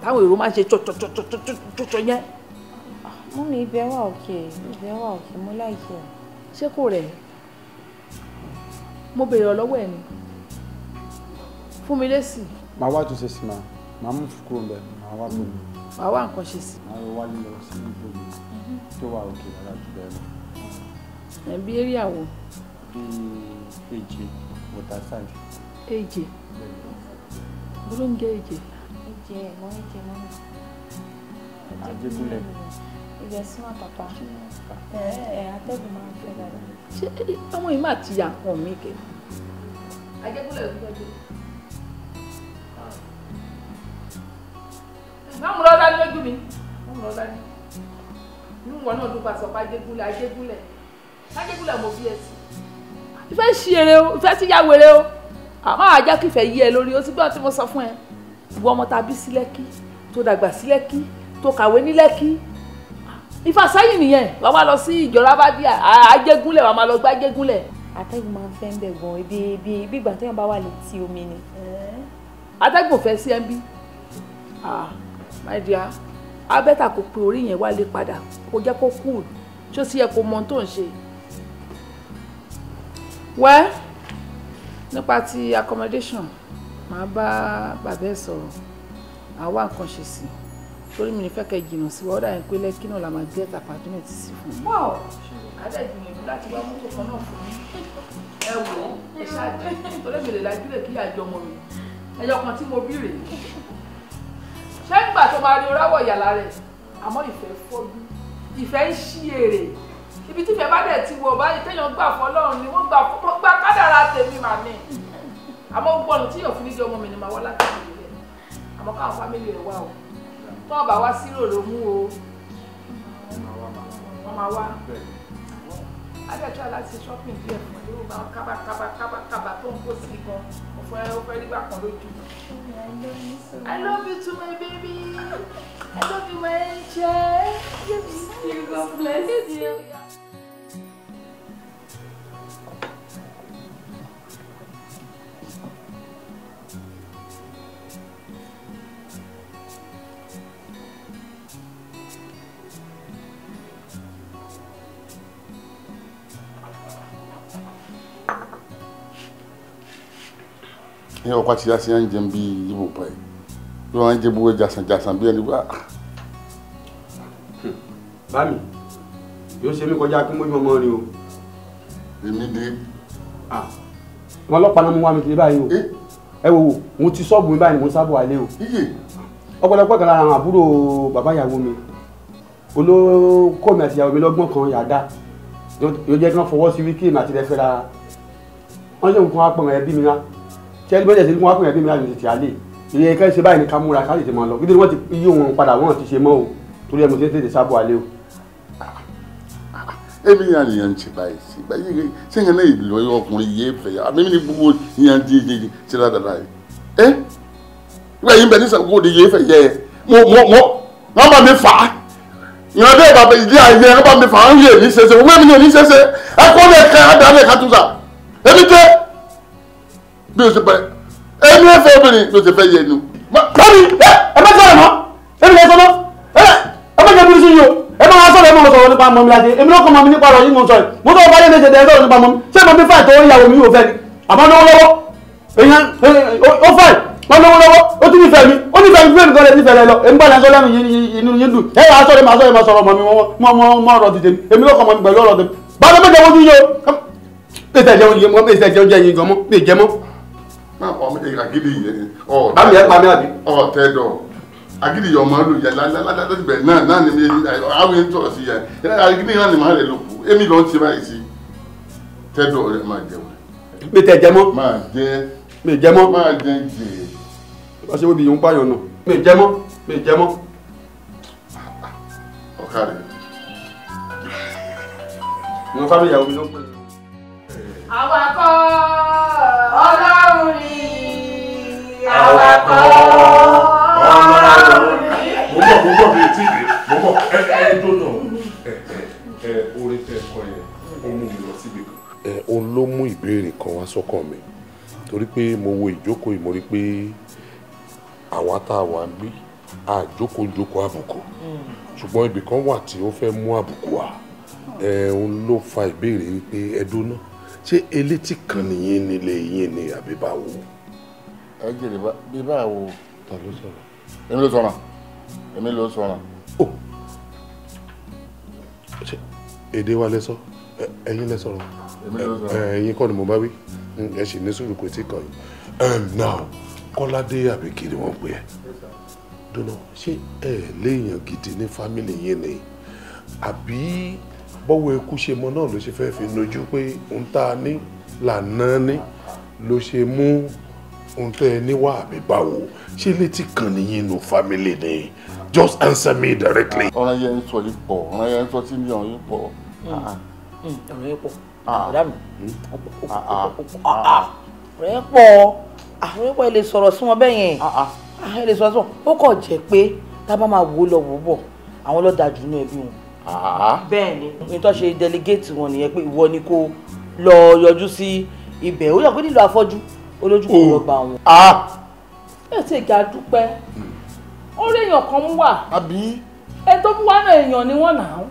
táwọn èrò máa ń ṣe tọ́tọ́tọ́tọ́tọ́tọ́ yẹn. mú mi ibẹ̀ wà òkè ibẹ̀ wà òkè mo láìkè. ṣé kò rẹ̀ ẹ́ mo béèrè lọ́wọ́ ẹ̀ ni fún mi lésì. màá wá túnṣe sí ma màá mú kúrò ń bẹ màá wá bò mí. màá wá nǹkan ṣe sí. màá wá lílọ sí ibò mi tó wà òkè rárá jù bẹ́ẹ̀ lọ. ẹ̀ bí eré àwọ̀. bí èjè waterside. èjè olóúnjẹ èjè. èjè ẹ̀gbọ́n èjè mọ́nà. àjẹgúnlẹ̀. ìgbésí wọn pàpà ẹ̀ ẹ̀ atẹ́gùn máa ń fẹ́ dáadáa ṣé ọmọ yìí máa ti yà nǹkan mi kẹ. àjẹkúlẹ̀ ló tọ́jú. máa mú lọ dání lójú mi máa mú lọ dání inú wọn náà ló bá sọ pé àjẹkúlẹ̀ àjẹkúlẹ̀ àjẹkúlẹ̀ mo bí ẹ sí. ìfẹ́ ṣe eré o ìfẹ́ ti yá wèrè o àmọ́ àjá kìfẹ́ yí ẹ lórí o ti gbọ́ tí mo sọ fún ẹ ìwọ ọmọ tàbí sí lẹ́kí tó dàgbà sí lẹ́kí tó kàwé ní lẹ́kí ìfàsẹ́yìn nìyẹn wàá máa lọ sí ìjọra bá díà àjẹgúnlẹ̀ wàá máa lọ gbá jẹgúnlẹ̀. atẹ́gùn máa ń fẹ́ ń bẹ̀ gan ebi ebi ebi ìgbà téèyàn bá wà létí omi ni. atẹ́gùn fẹ́ sí ẹbí ah my dear abẹ́ta kò pe orí yẹn wálé padà kò jẹ́ kó cool tí ó sì yẹ kó mọ ohun tó ń ṣe. wẹ́ nípa ti accommodation màá bá bàbá ẹ̀ sọ̀rọ̀ àwa nǹkan ṣe sí i torí mi ní fẹ́ kẹ́ jìnnà sí wa ó dàbí pé lẹ́kí náà la máa jẹ́ apartment sí fún mi. bọ́ọ̀ adẹ́gbìyànjú láti wá mọ́tò kan náà fún mi ẹ wò ó ẹ ṣáàjẹ́ torí mi lè lajú lè kí àjọ ọmọ mi ẹyọ kan tí mo bí rèé ṣé nígbà tó máa rí oráwọ̀ ìyàlá rẹ̀ àmọ́ ìfẹ́ fọ́jú ìfẹ́ ń ṣí èrè ibi tí ìfẹ́ bá dẹ̀ ti wọ̀ báyìí téèyàn gbà fọlọ́run ni wọ́n gbà kádàrá tèmi màmí àmọ́ gbọ́n tí yóò fi ní di ọmọ mi ni màá wọ́n láti tó ọba wá sírò ló mú o wọ́n máa wá adájọ́ aláti shopping díẹ̀ fún ẹ ló máa kábà kábà kábà kábà tó ń kó sí gan mo fẹ́ ó fẹ́ nígbà kan lójú. I love you too my baby I love you my angel. God bless you. ihe ọkwachiri asị ya njem bi igbo pa ya wọn jẹ gbogbo jasan jasan bí ẹni ah. bá. bámi yóò ṣe mí kọjá kí mójú ọmọ rẹ o. èmi dé. wọn ọlọ́pàá náà mú wá mi kiri báyìí o eh? ẹ wo mo ti ṣọ́ọ̀bù mi báyìí ni mo ń sábò alẹ́ o ọ̀pọ̀lọpọ̀ kan lára àwọn àbúrò bàbá ìyàwó mi olókọ́ mi àti ìyàwó mi lọ́gbọ́n kan yàda yóò jẹ́ kí wọ́n fọwọ́ sí wíkì mi àti rẹ́fẹ́ rárá wọ́n ṣe nǹkan apọ̀ ẹbí mi rárá tẹ́lí bẹ́ẹ̀ tẹ́lí wọn kúnyẹ̀ bí mi láti tètè alẹ́ ìrìn ẹ̀ka ṣe báyìí ní ká múra ká tètè máa lọ nítorí wọ́n ti yí òun padà wọ́n ti ṣe mọ́ o torí ẹ̀ mo ti tètè sábọ̀ alẹ́ o. èmi yà ni yàn ń ṣe báyìí sí báyìí ṣé yẹn náà ìlú ọkùnrin yé fẹ́ yà àmì ní gbogbo yàn di di ti ra dada yìí ẹ ìgbà yìí ń bẹ ní sàkókò di yé fẹ́ yẹ mo mo mo wọ́n bá mi fà á ìran bẹ́ẹ̀ bàbá ìdí àyè wọ́n bá mi fà á ń yè ní sẹ́sẹ́ wọ́n mi yè ní sẹ́sẹ́ ẹ̀kọ́ lẹ́ẹ̀kan àdá lẹ́ẹ̀kan tó sà ẹ̀mí bí o ṣe pẹ́ ẹni ẹ obìnrin ló ti fẹ́ yẹ ẹnu. bẹ́ẹ̀ni ẹ bá sọ̀rọ̀ mọ́ èmi lè sọ́nà ẹ bá jẹ́ bírísì yìí o ẹ bá wọn sọ̀rọ̀ ẹ bá wọn nípa mọ́mi láti èmi ló kọ́ mọ́mi nípa ọ̀rọ̀ yìí mo sọ̀rọ̀ mo sọ̀rọ̀ báyìí lè ṣe dẹ̀ sọ̀rọ̀ nípa mọ́mi ṣé mo bí tó ìyàwó mi ò fẹ́ ni àmọ́ lówó èèyàn ó fáì wọ́n lówó ó tún nífẹ̀ẹ́ mi ó nífẹ̀ẹ́ mi fún èmi kan lè nífẹ̀ẹ́ rẹ lọ èmi bá lẹ́sọ́ lẹ́nu inú yín dùn ẹ yà á sọ̀rọ̀ màá sọ̀rọ̀ màá sọ̀rọ̀ mọ̀ mi wọ́n mọ̀ mi èmi ló kọ́ mọ̀ mi pẹ̀lú ọ̀rọ̀ dìde bá a lọ pèsè ẹ̀jẹ̀ oúnjẹ mọ́ pèsè ẹ̀jẹ̀ oúnjẹ yìí gan mọ́ má pa ọmọ ẹ̀yìn àgídì yẹn ni. bámi ẹ pa mí àbí. ọ tẹ dọ àgídì yọ ọmọ lò yẹ lálátàbẹ náà náà ni mi àwọn èèyàn tọrọ sí yẹ àgídì náà ni màá rẹ lò kù èmi lọ ti báyìí sí tẹ rẹ máa jẹun. mi tẹ jẹ máa jẹ. mi jẹ máa jẹ jẹ. wọ́n ṣe wíbi yòó ń pààyàn mi jẹ mi jẹ ọ̀kadì. mo fábíyàwó mi ló pè awakọ̀ ọlọ́run ni awakọ̀ ọlọ́run ni. mo bọ̀ mo bọ̀ mi ò tí ì dé mo bọ̀ ẹ ẹ tó nà ẹ ẹ ẹ orin tẹ kọ yẹn ó mú mi lọ síbi kan. ẹ o ló mú ìbéèrè kan wá sọ́kàn mi torí pé mo wo ìjókòó yìí mo rí pé àwa tá a wà ń gbé àjókòó-jókòó àbùkù ṣùgbọ́n ibì kan wà tí ó fẹ́ mú àbùkù wá ẹ̀ ń ló fa ìbéèrè wípé ẹdún náà ṣé elétí kan nìyí nílé yín ni àbí báwo. ẹ jèrè bí báwo. ta ló sọ̀rọ̀. èmi ló sọ̀rọ̀ èmi ló sọ̀rọ̀. o oh. ṣe èdè wa lẹ sọ ẹ̀yin lẹ sọ̀rọ̀ ẹ̀yin kọ́ ni mo bá wí ẹ sì ní sùúrù kò tí kàn yín now kọ́ládé àbí kiri wọ́n pè é dùnà ṣé ẹ léèyàn gidi ní fámìlì yín ni àbí bọ́wọ́ eku ṣe mọ náà ló ṣe fẹ́ fi nojú pé òun tá a ní lànà ní ló ṣe mú òun tẹ́ ẹ níwá àbí báwo ṣé létí kan nìyí nu family ni just answer me directly. ọ̀rọ̀ yẹn ń sọ yìí pọ̀ ọ̀rọ̀ yẹn ń sọ tí mi ò yín pọ̀. Hmm, ah. hmm, ọ̀rọ̀ yẹn pọ̀ ọ̀dà ah. mi ọ̀rọ̀ yẹn pọ̀ àwọn ah, ẹ̀pọ̀ ẹ̀ lè sọ̀rọ̀ sí wọn bẹ́ẹ̀ yẹn ẹ̀ lè sọ̀rọ̀ sí wọn ó kàn jẹ́ pé tá a bá máa wò lọ wò bọ̀ àwọn lọ́ọ́ dájú nínú ẹbí wọn Ah. bẹ́ẹ̀ ni nítorí ṣe delegate wọn nìyẹn pé ìwọ ni kò lọ yọjú sí ibẹ̀ ó yọ pé nílò afọ́jú olójú kò lọ oh. bá wọn. Ah. ẹ ti ga dúpẹ́ orí èèyàn kan mú wà ẹ tó mú wà náà èèyàn ni wọ́n nà án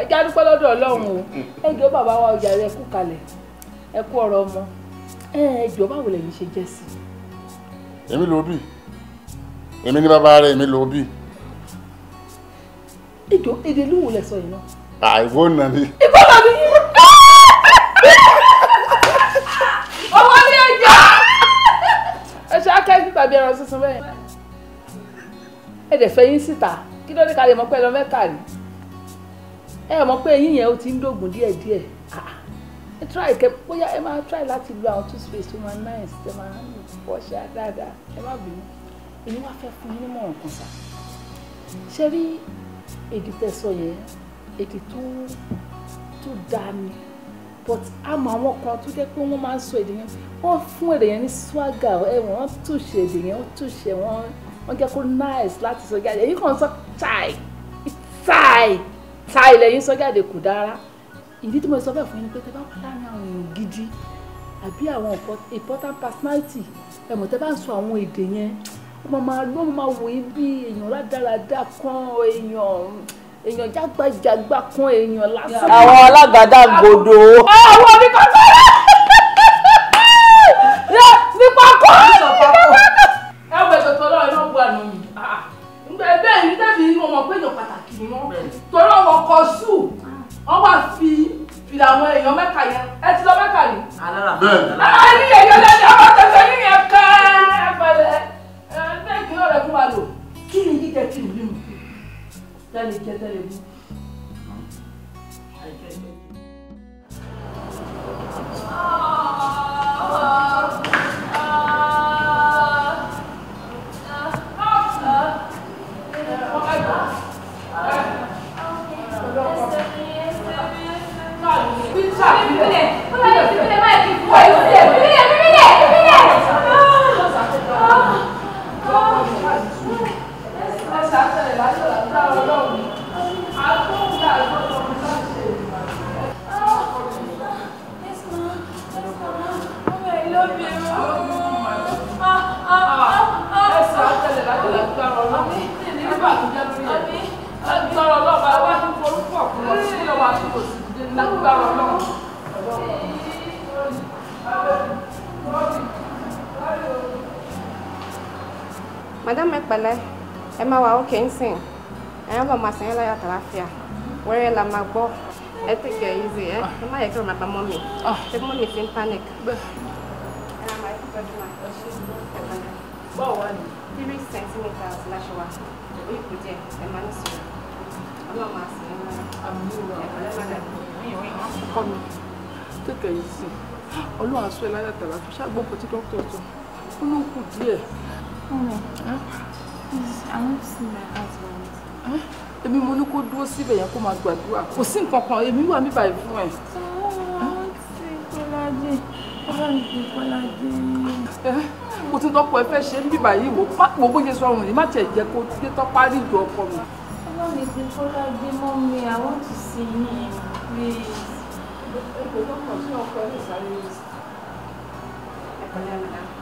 ẹ ga dúpẹ́ lọ́dọ̀ ọlọ́run o ẹ jọ bàbá wa ọjà rẹ kú kalẹ̀ ẹ kú ọ̀rọ̀ ọmọ ẹ jọ báwo lẹ́yìn ṣe jẹ́ sí. èmi ló bí èmi ní bàbá rẹ èmi ló ìjọ èdè ló wò lẹ sọ yìí náà. àìfóònù náà ni. ìfọwọ́ mi yìí. ọwọ́ ní ẹ̀jẹ̀ ẹ ṣe akẹ́kọ̀ọ́ tàbí ẹran sísun bẹ́ẹ̀. ẹ dẹ̀ fẹ́ yín síta kí ló dé ká lè mọ̀ pé ẹ lọ mẹ́ta rí ẹ mọ̀ pé eyín yẹn ó ti ń dògùn díẹ̀díẹ̀ ah, ah. ẹ try kẹ bóyá ẹ máa try láti lo àwọn toothpaste tó máa nice tẹ máa ń pọ̀ ṣe dáadáa ẹ má bínú èmi wá fẹ́ fún yín nímọ̀ràn kan sá ṣe rí èdè tẹsọ yẹn èdè tó dáa ni but àmọ́ àwọn kan tó jẹ́ pé wọ́n máa ń sọ èdè yẹn wọ́n fún èdè yẹn ní swagger ẹ̀wọ̀n wọ́n túṣe èdè yẹn wọ́n túṣe wọ́n wọ́n jẹ́ kó nice láti sọ jáde èyí kan sọ chai chai chai lẹ́yìn sọ jáde kò dára ìdí tí mo sọ bẹ́ẹ̀ fún yín pé tẹ bá wà láàrin àwọn èèyàn gidi àbí àwọn important personality ẹ̀mọ̀ tẹ bá ń sọ àwọn èdè yẹn màmá ló máa wò yín bí èèyàn rádaràda kan èèyàn èèyàn jágbàjàgbà kan èèyàn lásán. àwọn alágbàdàgbòdo. àwọn mi Mọ̀mọ́, I want to see my husband. Èmi mo ní kó dúró síbẹ̀ yẹn kó máa gbàdúrà. Kò sí nǹkan kan, èmi wà níbà ìfún ẹ̀. Kọ́ládé, Kọ́ládé, Kọ́ládé. Mo ti tọ́pọ̀ ẹ fẹ́ ṣe ń bíbà yìí wò. Mo bó ṣe sọ ọ̀run yìí, má tiẹ̀ jẹ́ kó dé tọ́pá rí ìjọ ọkọ mi. Kọ́ládé, Kọ́ládé, mọ́mí, I want to see you, please. Ẹ kò tọ́pọ̀ sí ọkọ ẹ̀ sáré. Ẹ kọ́lá mi náà.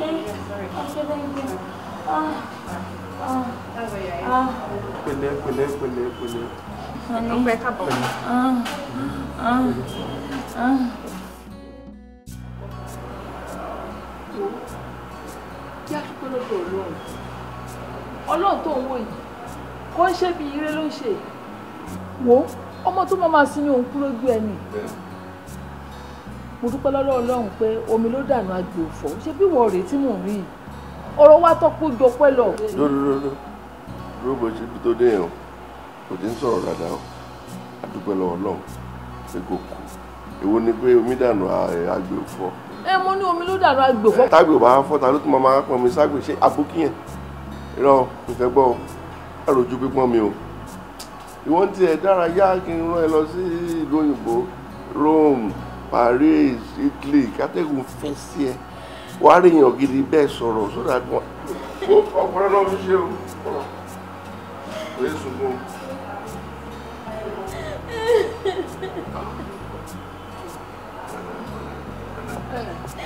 okay. Okay, thank you. Ah. Ah. Ah. Pẹ̀lẹ́, pẹ̀lẹ́, pẹ̀lẹ́, pẹ̀lẹ́. Mani. Ọpẹ́ kábọ̀. Ah. Ah. Ah. Kí a dúpẹ́ lọ́dọ̀ Ọlọ́run. Ọlọ́run tó ń wò yìí, kò ń ṣe bí ire ló ń ṣe. Wo, ọmọ tó máa máa sinmi òun kú lójú ẹni mo dúpẹ́ lọ́dọ̀ ọlọ́run pé omi ló dànù agbè òfò ṣé bí wọ́n rèé tí mò ń rí i ọ̀rọ̀ wa tó kó jọ pẹ́ lọ. lóòótọ́ rúbọ ṣe ibi tó dé kò tí ń sọ̀rọ̀ dáadáa o a lọ́wọ́ ọlọ́run pé kò kú èwo ni pé omi dànù agbè òfò. ẹ mo ní omi ló dànù agbè òfò. tágbè ò bá fọ́ ta ló tún máa pọn mi ságbè ṣe àbókí yẹn irọ́ kò gbọ́ ẹ pípọ́n mi o ìwọ́n ti ẹ̀ dára yá kí n rán ẹ lọ sí ìlú òyìnbó Rome Paris Italy kátẹ́gùn fẹ́ sí ẹ wàá rí èèyàn gidi bẹ́ẹ̀ sọ̀rọ̀ sódà gan. ọkùnrin náà fi ṣe o kò yẹ sunkún.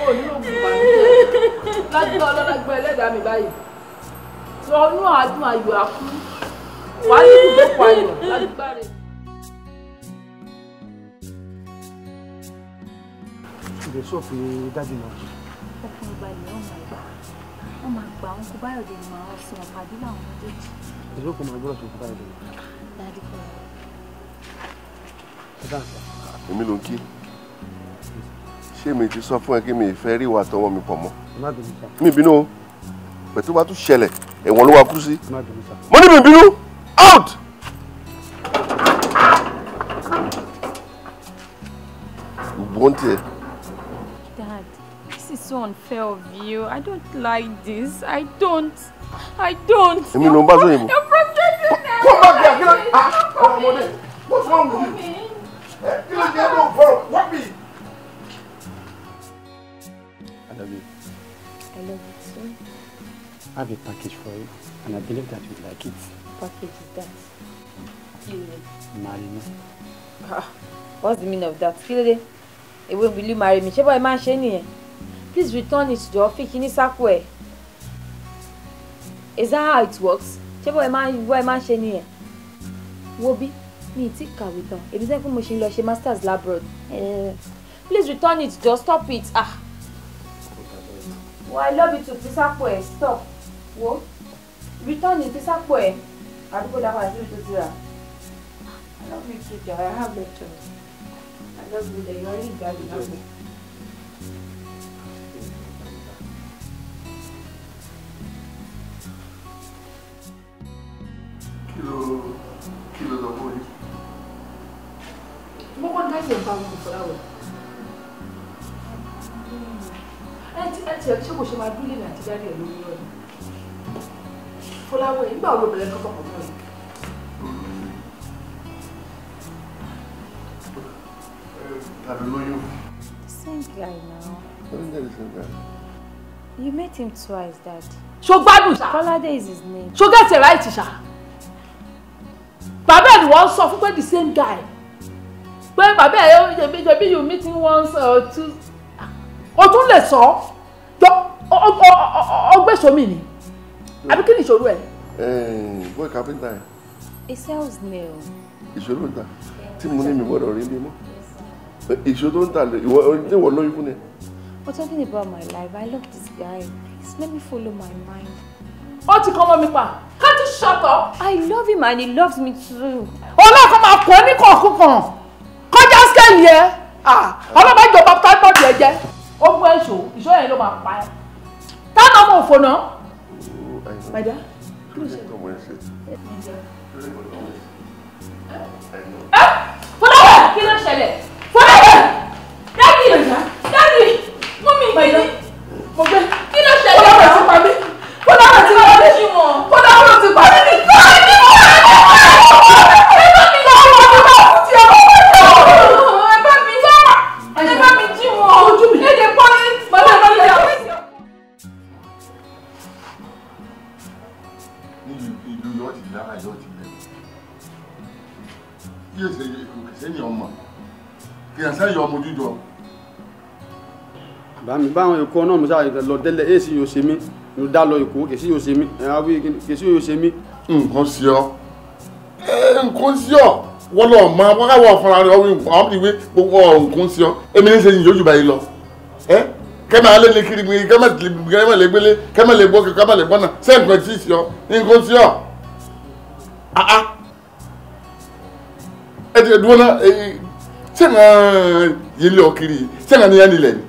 ó ní oògùn bàjẹ́ lájú ọlọ́dọ́gbọ́n ẹlẹ́dàá mi báyìí lọ́nú àádùn ayọ̀ àkú wàá ní ìdókòwò ayọ̀ lágbára. dé ṣọ́ọ̀fù dájú náà. ọkùnrin balẹ̀ ọ̀hún àgbà wọ́n máa gba àwọn kó báyọ̀dé ni màá ọ̀sìn ọ̀pàdé láwọn méjèèjì. ìlú kò máa gbọ́dọ̀ tó kó báyọ̀dé. dájú kọ́ èmi ló ń kí ṣé mi ti sọ fún ẹ kí mi fẹ́ rí ìwà tọwọ́ mi pọ̀ mọ́ mi bínú o pẹ̀tú bá tún ṣẹlẹ̀ ẹ̀wọ̀n ló wá kú sí mo ní mi bínú out. ìwọ́n tiẹ̀ so unfair of you. I don't like this. I don't. I don't. Èmi ló ń bá sóyìnbó. You're frustrating me. Come back here. Kí ló dé? Ọmọ What's wrong with you? Eh, kí ló dé? Ẹ̀rọ ọ̀fọ̀rọ̀. Wọ́n mi. I love you. I love you too. I have a package for you and I believe that you like it. Package is that? Kí ló Marry me. Ah, what's the meaning of that? Kí ló dé? Èwo will you marry me? Ṣé báyìí máa ń Please return it to the office ní sáko Is that how it works? Chebo, bọ́ ẹ máa am I ẹ máa ń ṣe nìyẹn? Wo bí mi ì tí kàwé tán, èmi sẹ́kún mo ṣe ń masters labroad. Eh, please return it, just stop it. Ah. Well, I love you to fi sáko stop. Wo return it, to sáko ẹ̀ àdúgbò dáhùn àti ìlú tó ti rà. I love you too, I have no choice. I love you, dear. You only me. ló kí ló lọ bóyá. mo kọ́ dáìsì ẹ̀ka àwọn fúláwọ̀ ẹ ti ẹ eh, ti ṣé kò ṣe máa dúró lẹ́nu àti dáìsì ẹ̀ lórí ọ̀dọ̀ fúláwọ̀ nígbà wo bẹ̀rẹ̀ kọ́kọ́ pọ̀ mọ́ You met him twice, Dad. Ṣó gbádùn ṣá. Kọ́ládé is his name. Ṣó the right ṣá bàbá ẹ̀ ni wọ́n sọ fún pé the same guy pé bàbá ẹ̀ jẹ̀bi jẹ̀bi you meeting once or two ah, o tún lè sọ ọgbẹ́sọ mi ni àbí kí ni ìṣòro ẹ̀. bóyá kápẹ́ńtà ẹ̀. a sells nail. ìṣòro ń ta tí mo ní mi gbọ́dọ̀ rí ilé mọ́ ìṣòro tó ń ta tí wọ́n lóyún fún ni. we're talking about my life i love this guy please let me follow my mind. ó ti kọ́ mọ́ mi pa want to shut up? I love him and he loves me too. Ọlọ́kan máa pọ̀ ní kọ̀ọ̀kan kọjá scale yẹn. Ọlọ́ba ìjọba tábọ̀dù ẹ jẹ́. Ó mú ẹ̀ṣọ́, ìṣó yẹn ló máa pa ẹ́. Táná mọ̀ òfò náà. My dear, ló ṣe? Fọláwẹ̀ kí ló ṣẹlẹ̀? Fọláwẹ̀ dáàbì me, mú me, kí ni? Mo gbé kí ló ṣẹlẹ̀? báwọn èkó náà mo ṣàyẹ̀ lọ tẹ́lẹ̀ èsì yóò ṣe mí mo dá lọ èkó kèsì yóò ṣe mí ẹ̀rọ wí kèsì yóò ṣe mí. nǹkan sí ọ nǹkan sí ọ wọ́n lọ mọ wákàwọ́ ọ̀fọ̀nra rẹ̀ ọ̀wé nǹkan àwọn ìwé gbogbo nǹkan sí ọ èmi ní sẹ́yìn yóò jù báyìí lọ kẹ́mà alẹ́ ní kiri gbé kẹ́mà kẹ́mà lè gbélé kẹ́mà lè gbókè kẹ́mà lè gbọ́nà sẹ́ǹkan tí ì sí ọ nǹkan sí ọ ah, ah. ẹ ti dúró náà sẹ́ǹkan yìí lé ọ kiri sẹ́ǹkan ni yẹn nílẹ̀ ni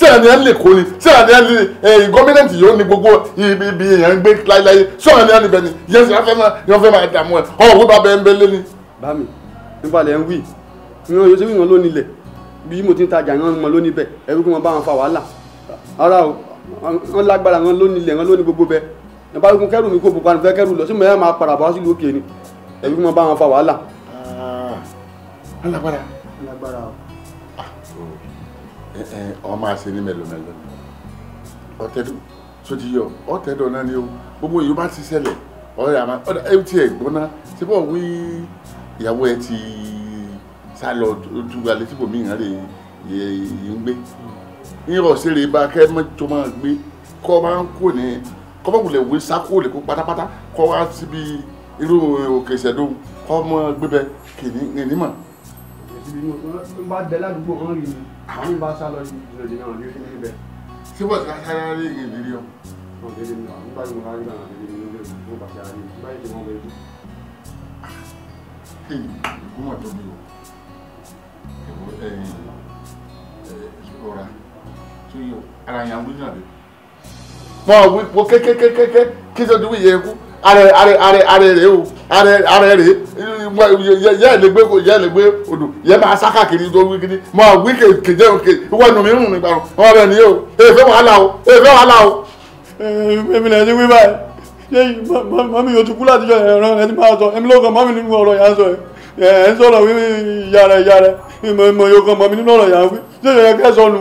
tí àwọn ènìyàn lè kó ni tí àwọn ènìyàn lè gọ́mẹ́ntì yóò ní gbogbo ibi ibi èèyàn ń gbé láéláé tí àwọn ènìyàn níbẹ̀ ni yẹn sì fẹ́ máa yẹn fẹ́ máa dààmú ẹ̀ ọ̀rọ̀ wípé abẹ́ ń bẹ́ lé ni. bámi nípa lẹ́ ń wí ìran yóò ṣe wí wọn lónìí lẹ̀ bí mo ti ń tajà ìran wọn lónìí bẹ̀ ẹ̀rú kí wọ́n bá wọn fa wàhálà ara o wọn lágbára wọn lónìí lẹ̀ wọn lónìí gbogbo bẹ nípa ikun kẹrù mi kò bùkún àti fẹ́ kẹrù lọ sí mi ẹ máa padà bọ́ sílùú òkè ni ẹ̀rú kí wọ́n bá wọn fa wàhálà. Ah, alágbára alágbára o ọ máa ṣe ní mẹlòmẹlò ọtẹdọ sójú yọ ọtẹdọ náà ni o gbogbo yìí bá ti ṣẹlẹ̀ ọrẹ àmà ọdọ ẹ ti ẹ gbóná ṣé bọ wí ìyàwó ẹ ti sá lọ dùgbà létí bòmí ìhàn rè yìí ń gbé ìrọ̀ sèrè bá kẹ́ mọ́tò máa gbé kọ́ máa ń kó ní kọ́ máa wulẹ̀ wé sákó lè kó pátápátá kọ́ wá síbi irú òkè ìṣẹ̀dó kọ́ máa gbé bẹ́ẹ̀ kìnnìmọ̀ síbi mú un bá dẹ ládùúgbò wọn rí mi àwọn bá sá lọ jìnnà jìnnà wọn lérí níbẹ̀. ṣé bọ̀ ká sára rí èyí ìdílé ọ. wọn lérí mi àwọn bá yìí wọn rí àwọn àdéhùn mi lórí fún bàtà rí mi báyìí tí wọn bẹ jù. ẹyìn ìkú mọ̀ tóbi o ẹ̀wọ̀ ẹ̀yìn ọ̀ra tó yẹ ara yẹn àwọn gbé náà dé. mọ àwọn ìpò kékékékéké kí tó dúró yẹ kú ààrẹ ààrẹ ààrẹ ààrẹ rẹ o ààrẹ ààrẹ rẹ yẹ ẹ lè gbé yẹ ẹ lè gbé odò yẹ máa sá káàkiri tó wí kiri mọ wí kéjẹ òkè wọ ẹnu mi rùn nípa ọmọ rẹ nìyẹn o èyí e fẹ́ wàhálà o èyí e fẹ́ wàhálà o. èmi eh, náà ti wí báyìí ṣé mọ́mí yóò ti kú láti jọ ẹ̀ràn ẹ̀ ti máa sọ èmi lóògùn mọ́mí nínú ọ̀rọ̀ yà ń sọ ẹ̀ ẹ̀ ń sọ̀rọ̀ wí ìyá rẹ̀ ìyá rẹ̀ ìmọ̀ ìmọ̀ yóò kàn mọ́mí nínú ọ̀rọ̀ yà ń wí ṣé yẹ kẹ́ sọnù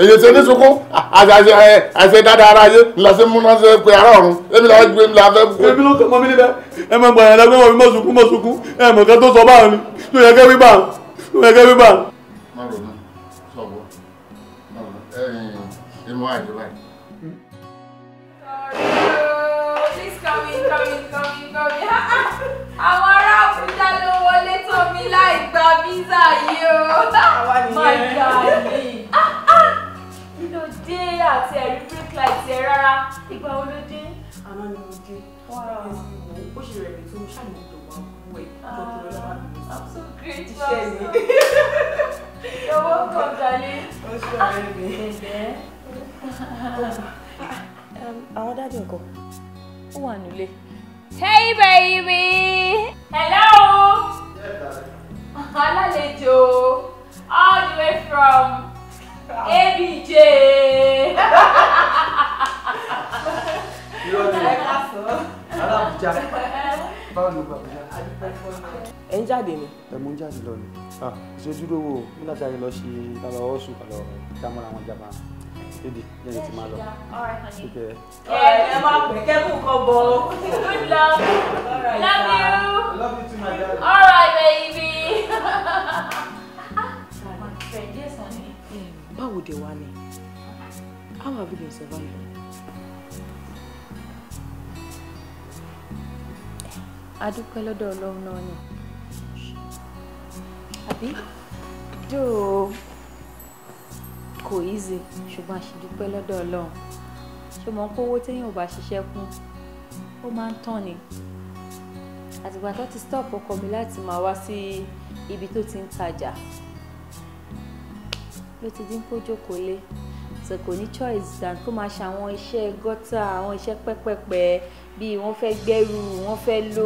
èyí ṣe ní sunkún àṣẹ dáadáa ara yé ńlá sí múná ṣe pé ara ọ̀run èmi làá gbé mi làá fẹ́ ló kọ́ mi níbẹ̀ ẹ máa gbọ́ àyànlá pé wọ́n sunkún mọ̀ sunkún ẹ mọ̀ ká tó sọ báwọn ni tó yẹ kẹ́ wíbà tó yẹ kẹ́ wíbà. má àwọn ará Àbújá ló wọlé tán mi láì gba físà yìí o. àwa nìyẹn. my god. (laughs) ló dé àti ẹ̀rí break light ẹ̀ rárá ìgbà wo ló dé. àná ni mo dé ó ṣe rẹ̀ mí tó ṣàyẹ̀wò tó wà wẹ̀ lọ́kùnrin lọ́wọ́ mi. I'm so grateful. (laughs) You're welcome, darling. ó ṣe ọ̀rẹ́ mi. Ah, (laughs) um, àwọn dájú nǹkan ó wà nílé. Hey baby! Hello! Yeah, darling. (laughs) Alálejò all the way from abj. irọ́ ni alábùjá báwo ni gbàgbọ́jà. ẹ ń jáde ni. ẹ mú ń jáde lọ ni ìṣojúlówó nígbà tí a lọ ṣe lọ ọ̀ṣù lọ jámọ́ra wọn jábá kéde yẹn ti máa lọ. kẹ ẹ má pè kẹ́kọ̀ọ́ kan bọ̀ ọ́. good luck love you love you too my darling. all right baby. (laughs) How would dé want it? how have you been surviving. I adúpẹ́ lọ́dọ̀ ọlọ́run alone, ni àbí Do. kò easy she ṣùgbọ́n do lọ́dọ̀ ọlọ́run ṣé mọ̀ she owó téèyàn ò bá ṣiṣẹ́ kún ó máa ń tàn ni àtìgbà tó ti stop ọkọ mi láti máa wá sí ibi tó ti ń tajà ló ti dín pójókòó lé so kò ní choice than kó máa ṣe àwọn iṣẹ́ gọ́tà àwọn iṣẹ́ pẹ́pẹ́pẹ́ bíi wọ́n fẹ́ gbẹ́rù wọ́n fẹ́ lò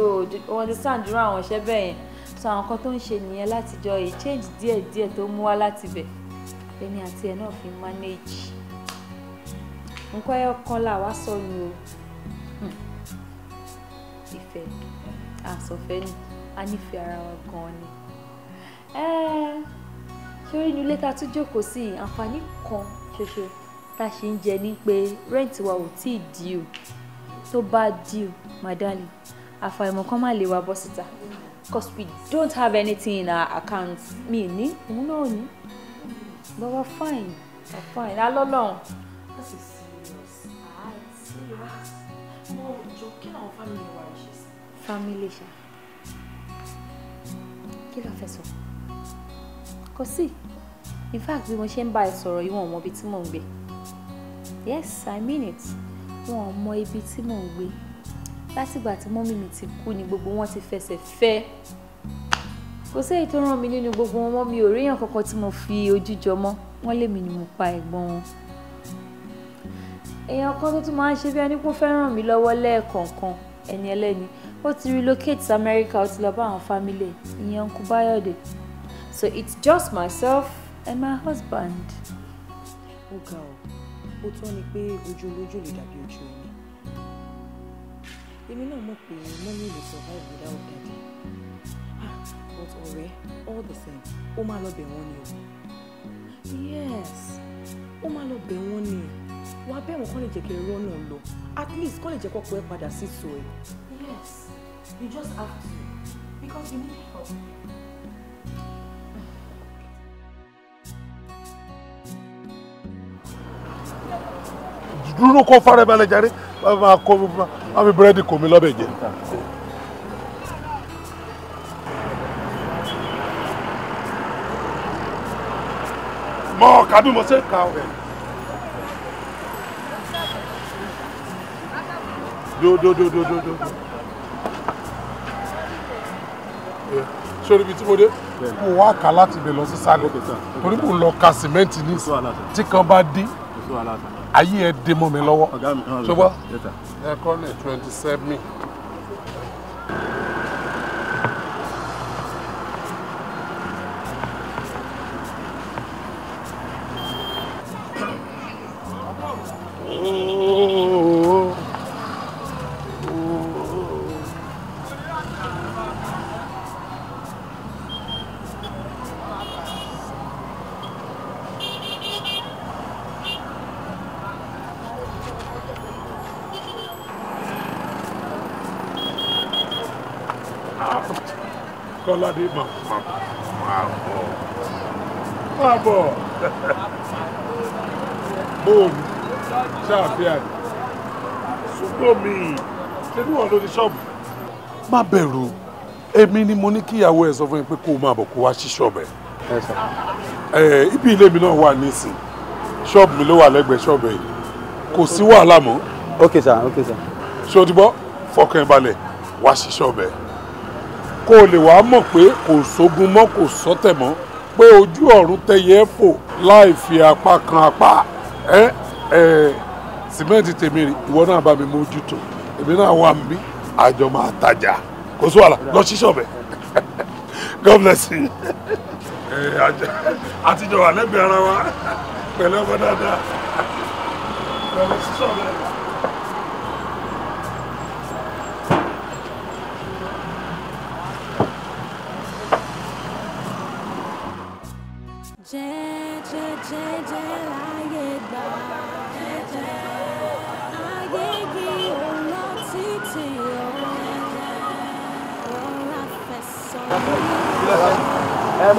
wọ́n ti sàǹdúrà àwọn iṣẹ́ bẹ́ẹ̀ yẹn so àwọn kan tó ń ṣe nìyẹn látijọ́ yìí change díẹ̀díẹ̀ tó mú wá láti bẹ̀ lẹ́ni àti ẹ̀ náà fi manage nǹkan ẹyọ kan là wá sọnù o hmm. ìfẹ́ àsọfẹ́ ni a nífẹ̀ẹ́ ara wa gan-an ni torí inú ilé ta tún jókòó sí àǹfààní kan ṣoṣo tá a ṣe ń jẹ ní pé rẹ́ǹtì wa ò tíì díù tó bá díù madali àfàìmọ̀ kan má lè wa bọ́ síta cause we don't have anything in our account mi ní òun náà ní but we're fine we're fine alọ́lọ́run. family Family, ṣá kí ló fẹ́ sọ kò sí in fact bí mo ṣe ń bá ẹ sọ̀rọ̀ yìí wọn ò mọ ibi tí mò ń gbé yes i mean it wọn ò mọ ibi tí mò ń gbé látìgbà tí mọ́mí mi ti kú ni gbogbo wọn ti fẹsẹ̀ fẹ́ kò séyìí tó ràn mí nínú gbogbo wọn mọ́ mi ò ríyàn kankan tí mo fi ojú jọ mọ́ wọ́n lèmi ni mo pa ẹ̀gbọ́n wọn èèyàn kan tó tún máa ń ṣe bí ẹni pé ó fẹ́ ràn mí lọ́wọ́ lẹ́ẹ̀kọ̀ọ̀kan ẹni ẹlẹ́ni ó ti relocate to America ó ti lọ bá àwọn family ìyẹn ń kú Báyọ̀dé So it's just myself and my husband. Ó ga ọ́, ó tún ní pé ojú olójú lè dàbí ojú ẹni. Èmi náà mọ̀ pé mọ́mí lè survive without daddy. Ah, but ọ̀rẹ́, all the same, ó máa lọ bẹ̀ wọ́n ni o. Yes, ó máa lọ bẹ̀ wọ́n ni. Wàá bẹ̀ wọ́n kọ́ lè jẹ́ kí ẹ rọ́nà lọ. At least kọ́ lè jẹ́ kọ́kọ́ ẹ padà sí so ẹ. Yes, you just have to because you need help. dúró kó fara balẹ̀ jáde máa kó máa fi búrẹ́dì kò mí lọ́bẹ̀ jẹ. mọ ọ̀ka bí mo ṣe ka ọ̀rẹ́. dodododododo sórí ibi tí mo dé mo wá kà láti ibẹ̀ lọ sí sálẹ̀ torí mo lọ ka sìmẹ́ǹtì ní tí kan bá dín ayé ẹ dé mọ́ mi lọ́wọ́ twenty seven. Kọ́ládé mà mà mà bọ̀ mà bọ̀ bóòlù ṣáàfíà ṣùgbọ́n mi ṣe bí wọ́n ló ní ṣọ́ọ̀bù. má bẹ̀rù èmi ni mo ní kíyàwó ẹ sọ fún mi pé kó o máa bọ̀ kó wá sí ṣọ́ọ̀bù ẹ ibi ilé mi náà wà nísìn ṣọ́ọ̀bù mi ló wà lẹ́gbẹ̀ẹ́ ṣọ́ọ̀bù ẹ kò sí wàhálà mọ́. ok sir ok sir. ṣé o ti gbọ́ fọkàn balẹ̀ wá sí ṣọ́ọ̀bù ẹ kó o lè wàá mọ̀ pé kò sógun mọ́ kò sọ́tẹ̀ mọ́ pé ojú ọ̀run tẹyẹ fò láì fi apá kan apá ẹ ẹ sìmẹ́ǹtì tèmi rè ìwọ náà bá mi mójútó èmi náà wà mí àjọ máa tajà kò sí wàhálà lọ sí ṣọ̀bẹ̀ (laughs) God bless you (laughs) àtijọ́ wà lẹ́gbẹ̀ẹ́ ara wa pẹ̀lú ọmọ dáadáa lọ sí ṣọ̀bẹ̀.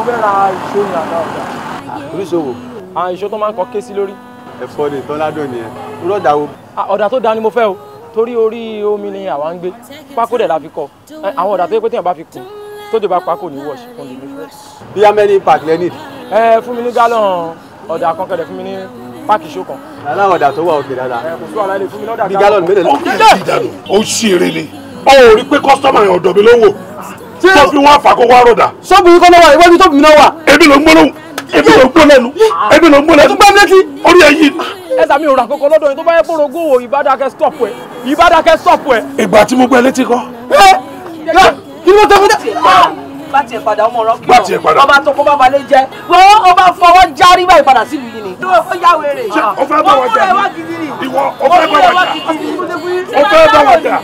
fẹ́ ra ìṣó yẹn àná ọ̀dà. oríṣiríṣi àwọn ìṣó tó máa ń kọ ké sí lórí. ẹ̀fọ́ ni tọ́ládùn nìyẹn irú ọ̀dà wo. ọ̀dà tó dáa ni mo fẹ́ o torí orí omi ni àwa ń gbé pákó dẹ̀ la fi kọ àwọn ọ̀dà tó yẹ pé téèyàn bá fi kù tó dé bá pákó ní wọ́ọ̀ṣì fún mi. bí amẹ́ni park lẹ́nì. ẹ fún mi ní gálọ̀n ọ̀dà kan kẹ̀dẹ̀ fún mi ní páàkì ṣó kan. aláwọ̀ ọ̀dà tó wà òkè dáadáa. ẹ kò sí wàhálà ilé fún mi ó ń ṣe eré ni ọ̀hún rí pé kọ́sítọ́mà yẹn ọ̀dọ̀ mi ló wò tó fi wọn fà kó wá rọ̀dà. ṣọ́ọ̀bù yìí kọ́ náà wà iwájú ṣọ́ọ̀bù mi náà wà. ebi ló ń gbólóhùn ebi ló ń gbólẹ́nu ebi ló ń gbólẹ́nu. tó gbá mi létí. orí ẹ yí. ẹ sàmì òrà kọkọ lọ́dọ̀ yìí tó bá yẹ kó rogó wò ìbádàkẹ́ stop ẹ̀ ìbádàkẹ́ stop ẹ̀. ìgbà tí mo gbẹ létí kọ́. ẹ ẹ kí ló tẹ́ fún dẹ́ bá tiẹ̀ padà ọmọ ọ̀rọ̀ kí ọ̀ ọba tó kó bá balẹ̀ jẹ́ wọ́n ọba fọwọ́ járí báyìí padà sílùú yìí ni. ó yà wèrè. ṣé o fẹ́ bá wa jà ìwọ o fẹ́ bá wa jà o fẹ́ bá wa jà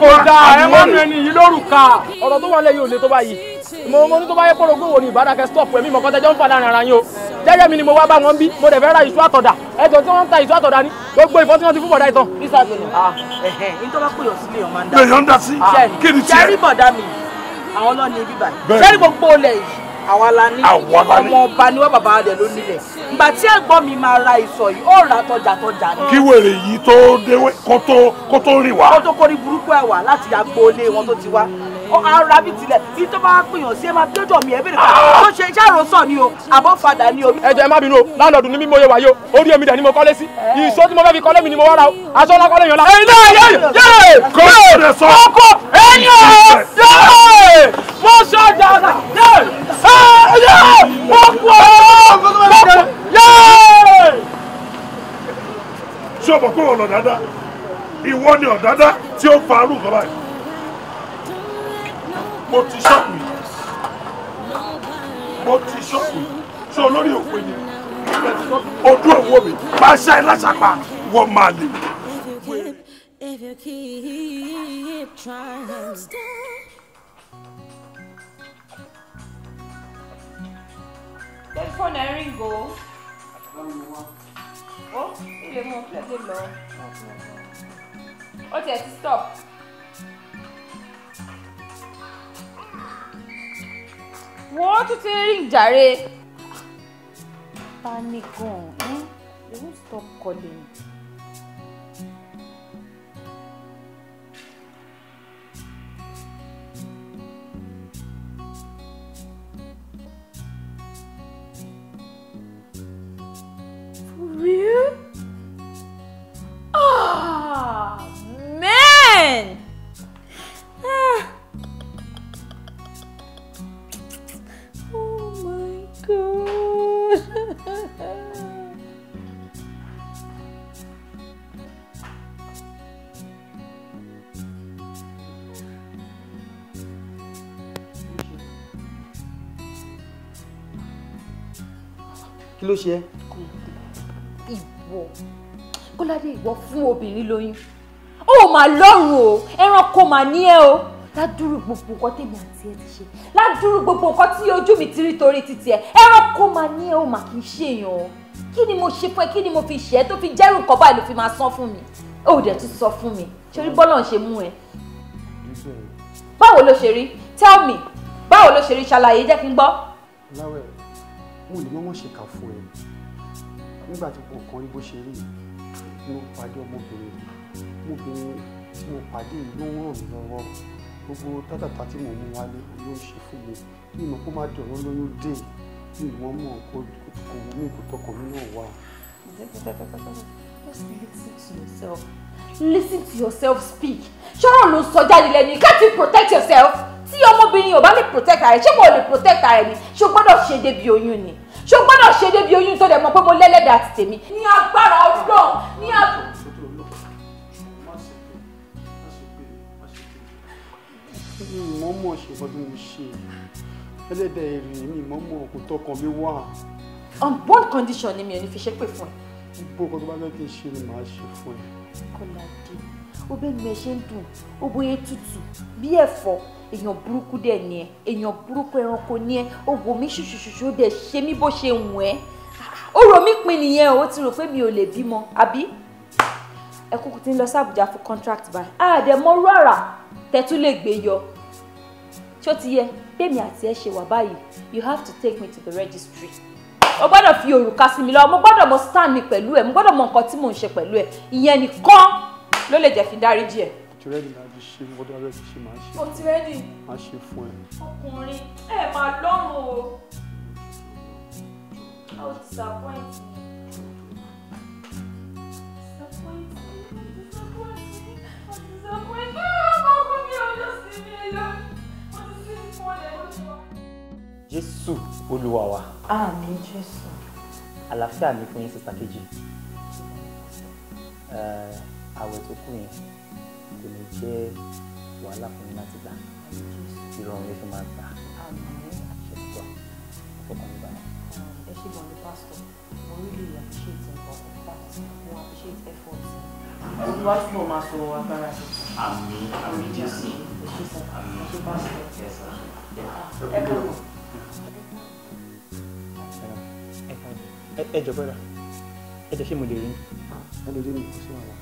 kódà ẹ mọ nu ẹni yìí lórúkà ọ̀rọ̀ tó wà lẹ́yìn òde tó bá yìí mo mo ní tó bá yẹ kóró gbòòwò ní ìbárakẹ́ stop ẹ̀mí mọ̀kọ́ tẹjọ́ ń fà láàrin ara yín o jẹ́jẹ́ mi ni mo wá bá wọn bí mo dẹ̀ fẹ́ ra ìṣú àtọ̀dà ẹjọ́ tí wọ́n ń ta ìṣú àtọ̀dà ni gbogbo ìfọ́n tí wọ́n ti fún bọ̀dá ìtàn. ní sàgbẹ̀lẹ̀ ah, ẹ̀hẹ̀ ní tó bá pè ọ́ sílé ọ̀ma ń dá sí. Ah, kí ni tiẹ̀ sẹ́rí bọ̀dá mi àwọn ọlọ́ni bíbá yìí sẹ́rí gbogbo olè yìí àwa la ní ọmọ ọba ni wọn bàbá rẹ ló nílẹ̀ ìgbà tí ẹ̀gbọ́n mi máa ra ìsọ̀ yìí ó ra tọjà tọjà ni. kí wèrè yìí tó déwé kó tó kó tó rìn wá. kó tó kórí burúkú ẹ̀ wá láti agboolé wọn tó ti wá ara bíi tilẹ̀ bí tó bá pèèyàn sí ẹ máa bí ó dọ̀ mí ẹ bèrè ká tó ṣe iṣẹ́ àròsọ ni o àbọ̀fadà ni o. ẹ jọ̀ọ́ ẹ má bínú o láńlọ́ọ̀dù ni mímú oyè wáyé o orí èmi dẹ̀ ni mo kọ́lé sí ìṣó tí mo fẹ́ fi kọ́lé mi ni mo wá ra o aṣọ ọlá yàn lá. ẹ̀yin náà yẹ yẹ kó o sọ ẹ̀yin o yọ mo sọ dada yé yé mo kú ọ mo kú yé. ṣé o mọ̀ pé ọ̀nà dáadáa ìwọ ni ọ̀dáadáa tí ó fa arúgbó báyìí mo ti ṣọ́ọ̀kù yìí mo ti ṣọ́ọ̀kù yìí ṣé olórí òpè ni ojú òwò mi máa ṣá ẹ láṣàpá máa lè. If you keep trying. Take phone and Ringo. Oh, ilé mo fẹ́ dé lọ. Ó tiẹ̀ stop. Wọ́n tún ti ring jàre. Panic gan-an, eh? they stop calling. real? Ah, oh, man! Ah. Oh my god! Kí ló especially ìwọ fún obìnrin lóyún ó mà lọ́rùn o ẹranko mà ní ẹ o ládùúrú gbogbo nǹkan tèmi àti ẹ ti ṣe ládùúrú gbogbo nǹkan tí ojú mi ti rí torí títì ẹ ẹranko mà ní ẹ o mà kì í ṣèyàn o kí ni mo ṣe fún ẹ kí ni mo fi ṣe ẹ tó fi jẹ́rù nǹkan báyìí ló fi máa san fún mi ó dẹ̀ tún sọ fún mi ṣorí bọ́lọ̀ ń ṣe mú ẹ. báwo ló ṣe rí tell me báwo ló ṣe rí ṣàlàyé jẹ́ kí n gbọ́. láwẹ̀ n ò lè mọ́ mọ́ ṣe kà fún ẹ nígbà tí mo kàn rí bó ṣe rí yìí mo pàdé ọmọbìnrin ọmọbìnrin tí mo pàdé ló ràn mí lọ́wọ́ gbogbo tátàtà tí mo mú wálé ló ń ṣe fún mi bí mo kó má dọ̀rọ̀ lóyún dé bí wọ́n mọ̀ kó kò ní ìkótọ́kọ̀ mi náà wà. just listen to yourself listen to yourself speak ṣọ́rọ̀ ló sọ jáde lẹ́nu you can't protect yourself tí ọmọbìnrin ò bá lè protect ara ẹ̀ ṣé kò lè protect ara ẹ̀ ni ṣé o gbọ́dọ̀ ṣe débi oyún ni ṣé o gbọ́dọ̀ ṣe débi oyún tó dẹ̀ mọ̀ pé mo lẹ́lẹ́dàá ti tèmi ní agbára ọdún ní agbára. mi mọ́ mọ́ ṣe nǹkan tí ṣe ẹlẹ́dàá èrè mi mọ́ mọ́ kò tọkàn mi wá. on one condition ni mi ò ní fi ṣépè fún ẹ. gbogbo nǹkan tó bá fẹ́ kí n ṣe ni màá ṣe fún ẹ. Kọ́ládé ó bẹ́ẹ̀ ni ẹ ṣe ń dùn ó bóyá tútù bí ẹ̀fọ́ èèyàn burúkú dẹ̀ ni ẹ èèyàn burúkú ẹranko ni ẹ ó wò mí ṣùṣùṣùṣù ó dẹ̀ ṣe mí bó ṣe wù ẹ́ ó rò mí pin nìyẹn ó ti rò pé mi ò lè bímọ àbí ẹ kúkú ti ń lọ sí Àbújá fún contract báyìí àdẹ mọ́rú àrà tẹ́tú lè gbé yọ ṣó ti yẹ bẹ́ẹ̀ mi àti ẹ ṣe wà báyìí you have to take me to the registry o gbọ́dọ̀ fi òrùka sí mi lọ mo gbọ́dọ̀ mọ stand mi pẹ̀lú ẹ̀ mo gbọ́dọ̀ mọ nǹkan tí mò ń ṣe pẹ̀lú ẹ̀ ìyẹn nìkan ló lè jẹ́ fi dáríjì ẹ̀. ti rẹ́dì láti ṣe mọ́tò rẹ̀ ti ṣe máa ṣe. o ti rẹ́dì. máa ṣe fún ẹ. ọkùnrin ẹ máa lọ́rùn o. o disappoint me. disappoint me. disappoint me. Ah, ọkùnrin mi ò lọ sí mi ẹ lọ. mo ti sí ìfọ̀lẹ́ mo jésù olúwa wa. àmín jésù. àlàáfíà ni fún yín sísá kejì àwẹ̀ tó kù yẹn kò ní jẹ́ wàhálà fún yín láti gbà ìrọ̀rùn ló fi máa gbà. àmín ṣètò ọkọ̀ mi balẹ̀. ẹ ṣe bọ̀ ní pásítọ̀ mo really appreciate nǹkan fact mo appreciate effort. olúwa túbọ̀ máa sọ agbára sí. àmín àmín jésù. ẹ ṣe sọ ẹ ṣe pásítọ̀. ẹ kọ̀ ọ́ ẹ jọ bẹ́ẹ̀ ẹ jẹ́ ṣé mo lè rí ni. mo lè rí ni kò sí wàhálà.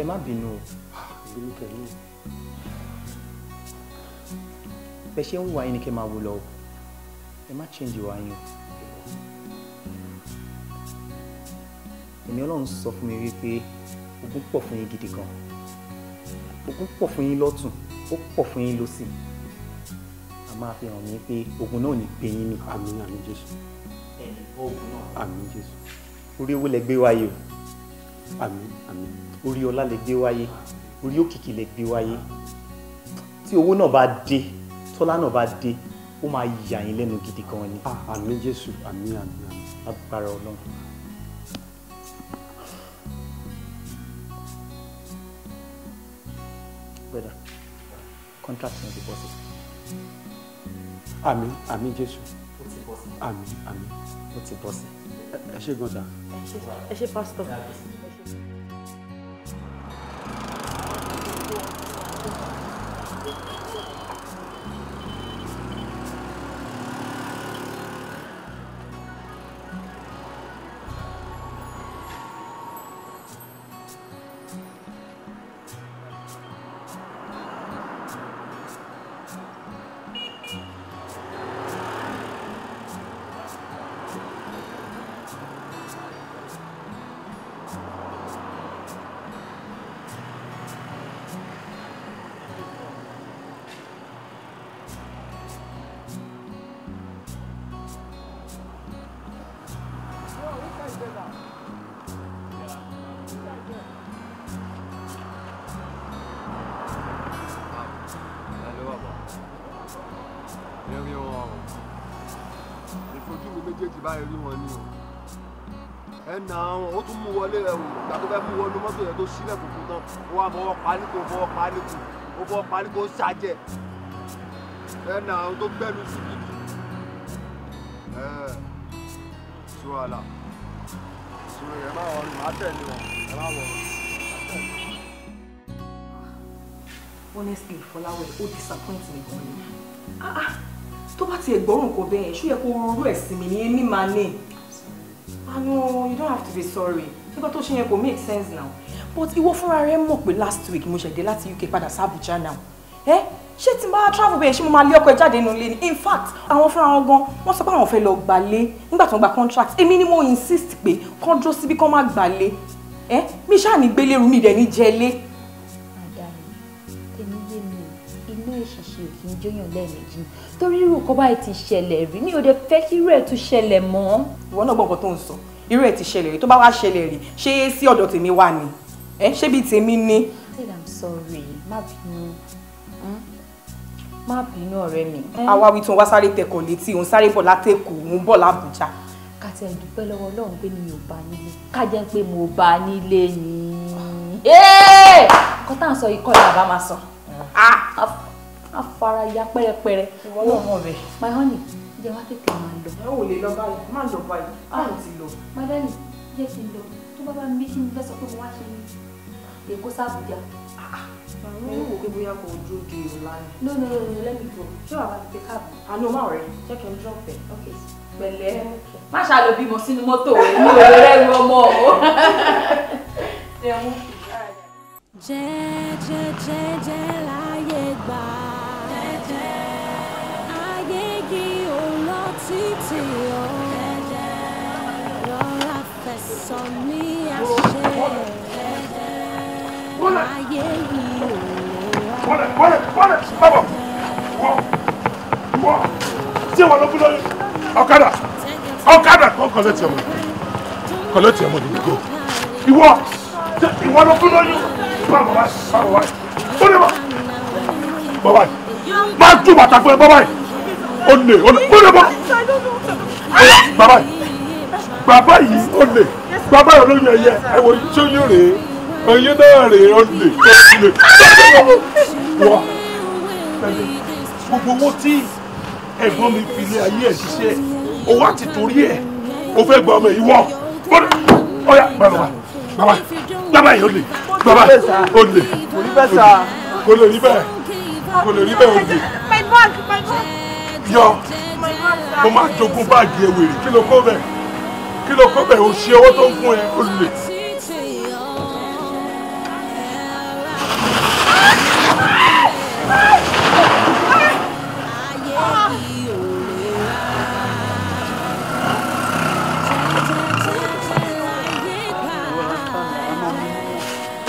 ẹ má bínú o. ìbínú pẹ̀lú. bẹ ṣe ń wà yín ni kẹ́ máa wò lọ o ẹ má change wà yín o. èmi ọlọ́run sọ fún mi wípé ogun pọ̀ fún yín gidi gan ogun pọ̀ fún yín lọ́tún ó pọ̀ fún yín lọ́sì máa fi hàn mí pé ogun náà ní pè yín mi. àmín àmín jésù. ogun náà. àmín jésù. orí owó lẹ gbé wáyé o. àmín àmín. orí ọlá lẹ gbé wáyé orí òkìkí lẹ gbé wáyé tí owó náà bá dé tọ́lá náà bá dé ó máa yà yín lẹ́nu gidi gan ni. Ah, àmín jésù àmín àmín àmín. agbára ọlọ́run. Contract in the àmín àmín jésù àmín àmín ó ti bọ́ sí ẹ ṣé gan sa. ẹ ṣé pásítọ̀. báyìí rí wọn ni o ẹnà àwọn ó tún mú wọlé ẹ wò ìgbà tó fẹ́ mú wọlé mọ́tò yẹn tó sílẹ̀ kùkù tán ó wà fọwọ́ paríko fọwọ́ paríko ó fọwọ́ paríko ṣàjẹ́ ẹnà àwọn tó gbẹ́nu sí gidi ẹ sọ àlà sọ ẹ má wọlé má tẹ̀lé wọn ẹ má wọlé. honestly Fọláwẹ ó disappoint me gan ni. Ah, ah tó bá ti ẹ̀gbọ́rùn kò bẹ́ẹ̀ ṣó yẹ kó rú ẹ̀sìn mi ní ẹ̀mí máa ní. àná you don't have to be sorry nígbà tó ṣe yẹn kò make sense now but ìwọ fúnra rẹ mọ̀ pé last week mo ṣẹ̀dẹ̀ láti UK padà sí Abuja now ẹ eh? ṣé tí n bá travel bẹ́ẹ̀ ṣé mo máa lé ọkọ̀ ẹ̀ jáde nínú ilé ni in fact àwọn fúnra wọn gan wọ́n sọ pé àwọn fẹ́ lọ gbalé nígbà tó ń gba contract èmi ni mo insist pé kán dúró síbi kán má gbalé ẹ eh? mi ṣáà ní gbélé rú mi dẹ̀ ní jẹ́lé ṣe ò kí ń jóyàn lẹ́ẹ̀mejì torí irú nǹkan báyìí ti ṣẹlẹ̀ rí mi ò fẹ́ kí irú ẹ̀ tún ṣẹlẹ̀ mọ́. ìwọ náà gbọ́ nǹkan tó ń sọ irú ẹ̀ ti ṣẹlẹ̀ rí tó bá wá ṣẹlẹ̀ rí ṣé sí ọ̀dọ̀ tèmi wà ni ẹ ṣé bíi tèmi ni. I'm sorry má bínú hmm? má bínú ọ̀rẹ́ mi. Eh? àwa wí tí wọn wá sáré tẹkọ̀ létí òun sáré bọ̀ látẹ̀kọ̀ òun bọ̀ lábújá àti ẹ̀dúpẹ́ lọ́wọ́ ọlọ́run pé mi ò bá á ya pẹ́rẹpẹ́rẹ. ìwọ náà mọ̀ bẹ́ẹ̀. my honey jẹ́ wá tètè máa lọ. ẹ ò lè lọ báyìí má lọ báyìí má lọ ah, ti lọ. madani jẹ́ kí n lọ tó bá bá mi bí sí mi fẹ́ sọ pé mo wá ṣe èkó sábùjá. Àwọn ìwò pé bóyá kò dúró di ìlà ni. No no no no let me go. Ṣé wàá bá ti fi káàbù? Àná máa rẹ̀ jẹ́ kí n drop ẹ̀. Ok pẹ̀lẹ́ má ṣàlò bímọ sínú mọ́tò rẹ̀ ní òwe rẹ́rù ọmọ o. (laughs) Jẹ́jẹ́jẹ́jẹ́ láyé gbàá. sí o rọra fẹ̀sọ̀ ní àṣẹ ayé yìí ò lè wá jẹ́ wọn ló gbúdọ̀ ọ̀kadà ọ̀kadà kọ́ kọ́ lẹ́tì ọmọ kọ́ lẹ́tì ọmọ ní gbogbo ìwọ ìwọ ló gbúdọ̀ yín bàbá wa bàbá wa ó lè wá bàbá yìí máa ju bàtà fún ẹ bàbá yìí ó lè ó lè ó lè bọ́ bàbá yìí bàbá yìí ó lè bàbá yìí olóyún ẹyẹ ẹwọ tí ó yún rèé oyún náà rèé ó lè ó lè wá gbogbo owó tí ẹ̀gbọ́n mi fi lé ayé ẹ̀ ṣiṣẹ́ owó àti torí ẹ̀ o fẹ́ gba ọmọ ìwọ ọ̀yà bàbá bàbá bàbá yìí ó lè bàbá ó lè kò lè rí bẹ́ẹ̀ kò lè rí bẹ́ẹ̀ ó lè. my bag my bag yọ mo máa jogún báàgì ewèrè kí ló kó bẹ̀ kí ló kó bẹ̀ òṣì owó tó ń fún ẹ olè.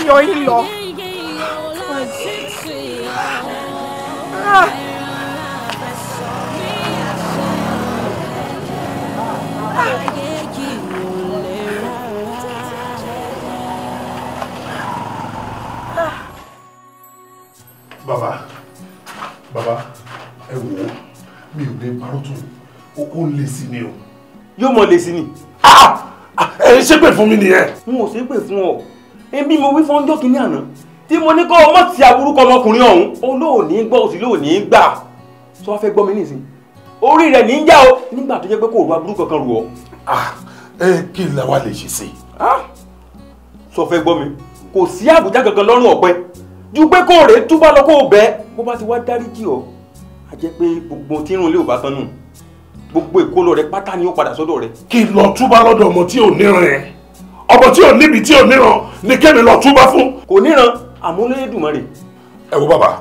Yo, yín lọ. ó lè sí ni o. yóò mọ lè sí ni. Ah, ah, ah, ẹ ṣe pè fún mi nìyẹn. n ò ṣe pè fún ọ ẹbí mo wí fún ọjọ́ kìíní àná tí mo ní kó o mọ̀ sí aburúkọ ọmọkùnrin ọ̀hún ó lóòní gbọ́ òsì lóòní gbà tó wá fẹ́ gbọ́ mi nísìn orí rẹ̀ ní í já o nígbà tó jẹ́ pé kò ru aburú kankan rù ọ́. ẹ kí ni làwa lè ṣe sí i. sọ fẹ́ gbọ́ mi kò sí àbújá kankan lọ́rùn ọ̀pẹ ju pé kó o rè é túbọ̀ lọ kó o bẹ́ẹ̀ bó bá ti wá dáríjì ọ́ a jẹ́ pé gbogbo tí irun ilé ò bá tán nù gbogbo ìkólọ rẹ pátá ni ó padà sọ́dọ̀ rẹ. kí lọ túbá lọ́dọ̀ ọmọ tí ò níran yẹn ọmọ tí ò níbi tí ò níran ni kémi lọ túbá fún. kò níran àmúlédùmarè. ẹ wo bàbá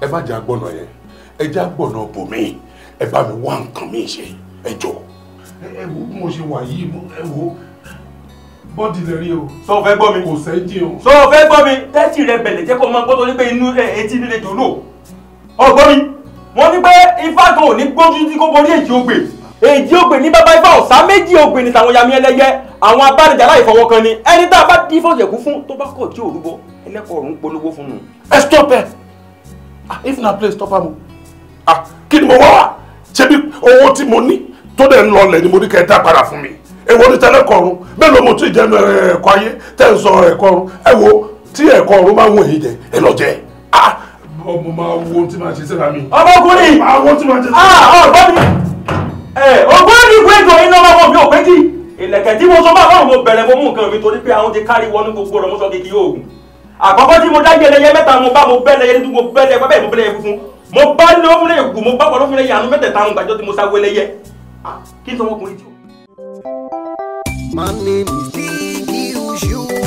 ẹ má jà gbọ́nà yẹn ẹ já gbọ́nà bòmí ẹ bá mi wá nǹkan mi ṣe ẹ jọ. ẹ wo bí mo ṣe wà yìí ẹ wo bọ́dì lè rí o. sọ fẹ́ gbọ́ mi. kò sẹ́jì o. sọ fẹ́ gbọ́ mi tẹ́tì rẹ bẹ̀lẹ̀ jẹ́ kó máa gbọ́ tó ní pé inú etí líle mo ní pé ifá kan ò ní gbójú tí kò borí èjì ogbè èjì ogbè ní bàbá ifá ọ̀sá méjì ogbè ní tàwọn yami ẹlẹ́yẹ àwọn abánijà láì fọwọ́ kan ni ẹni tá a bá dín fọ̀jẹ̀kú fún tó bá kọ̀ tí òrúbọ ẹlẹ́kọ̀ọ́ ọ̀run polówó fún un. ẹ stop ẹ ah, if na place stop am o ah, kí ni mo wá wá ṣebí owó tí mo ní tó dẹ̀ ń lọlẹ̀ ni mo ní kẹ́ ẹ dá padà fún mi èwo ni tẹ́lẹ̀kọ̀ ọ̀run mélòó mo tún ìjẹnu eh, ẹ̀kọ́ ayé tẹ́ ń sọ ẹ̀kọ́ ọ̀run ẹ wo tí ẹ̀kọ́ máa ń wọ̀nyí jẹ ẹ lọ jẹ ah ọ mo máa wo tí màá ṣe síra mi. ọmọkùnrin máa wo tí màá ṣe síra mi. Ah, ah, ọgbọ́n mi eh, ọgbọ́n mi ìwé ìtàn iná máa wọ̀ ò pé kí ìlẹ̀kẹ̀ tí mo sọ mo bẹ̀rẹ̀ mú nǹkan mi torí pé àwọn ti kárí wọnú gbogbo mo sọ kékeré oògùn àkọ́kọ́ tí mo dájú ẹlẹ́yẹ mẹ́ta mo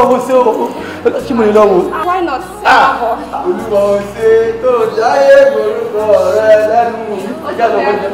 lọ́wọ́ ṣe o ṣé mo lè lọ́wọ́. why not ṣe ah, àwọ̀. olúwa ò ṣe tó ṣáyé borúkọ rẹ lẹ́nu ìjà lọ́wọ́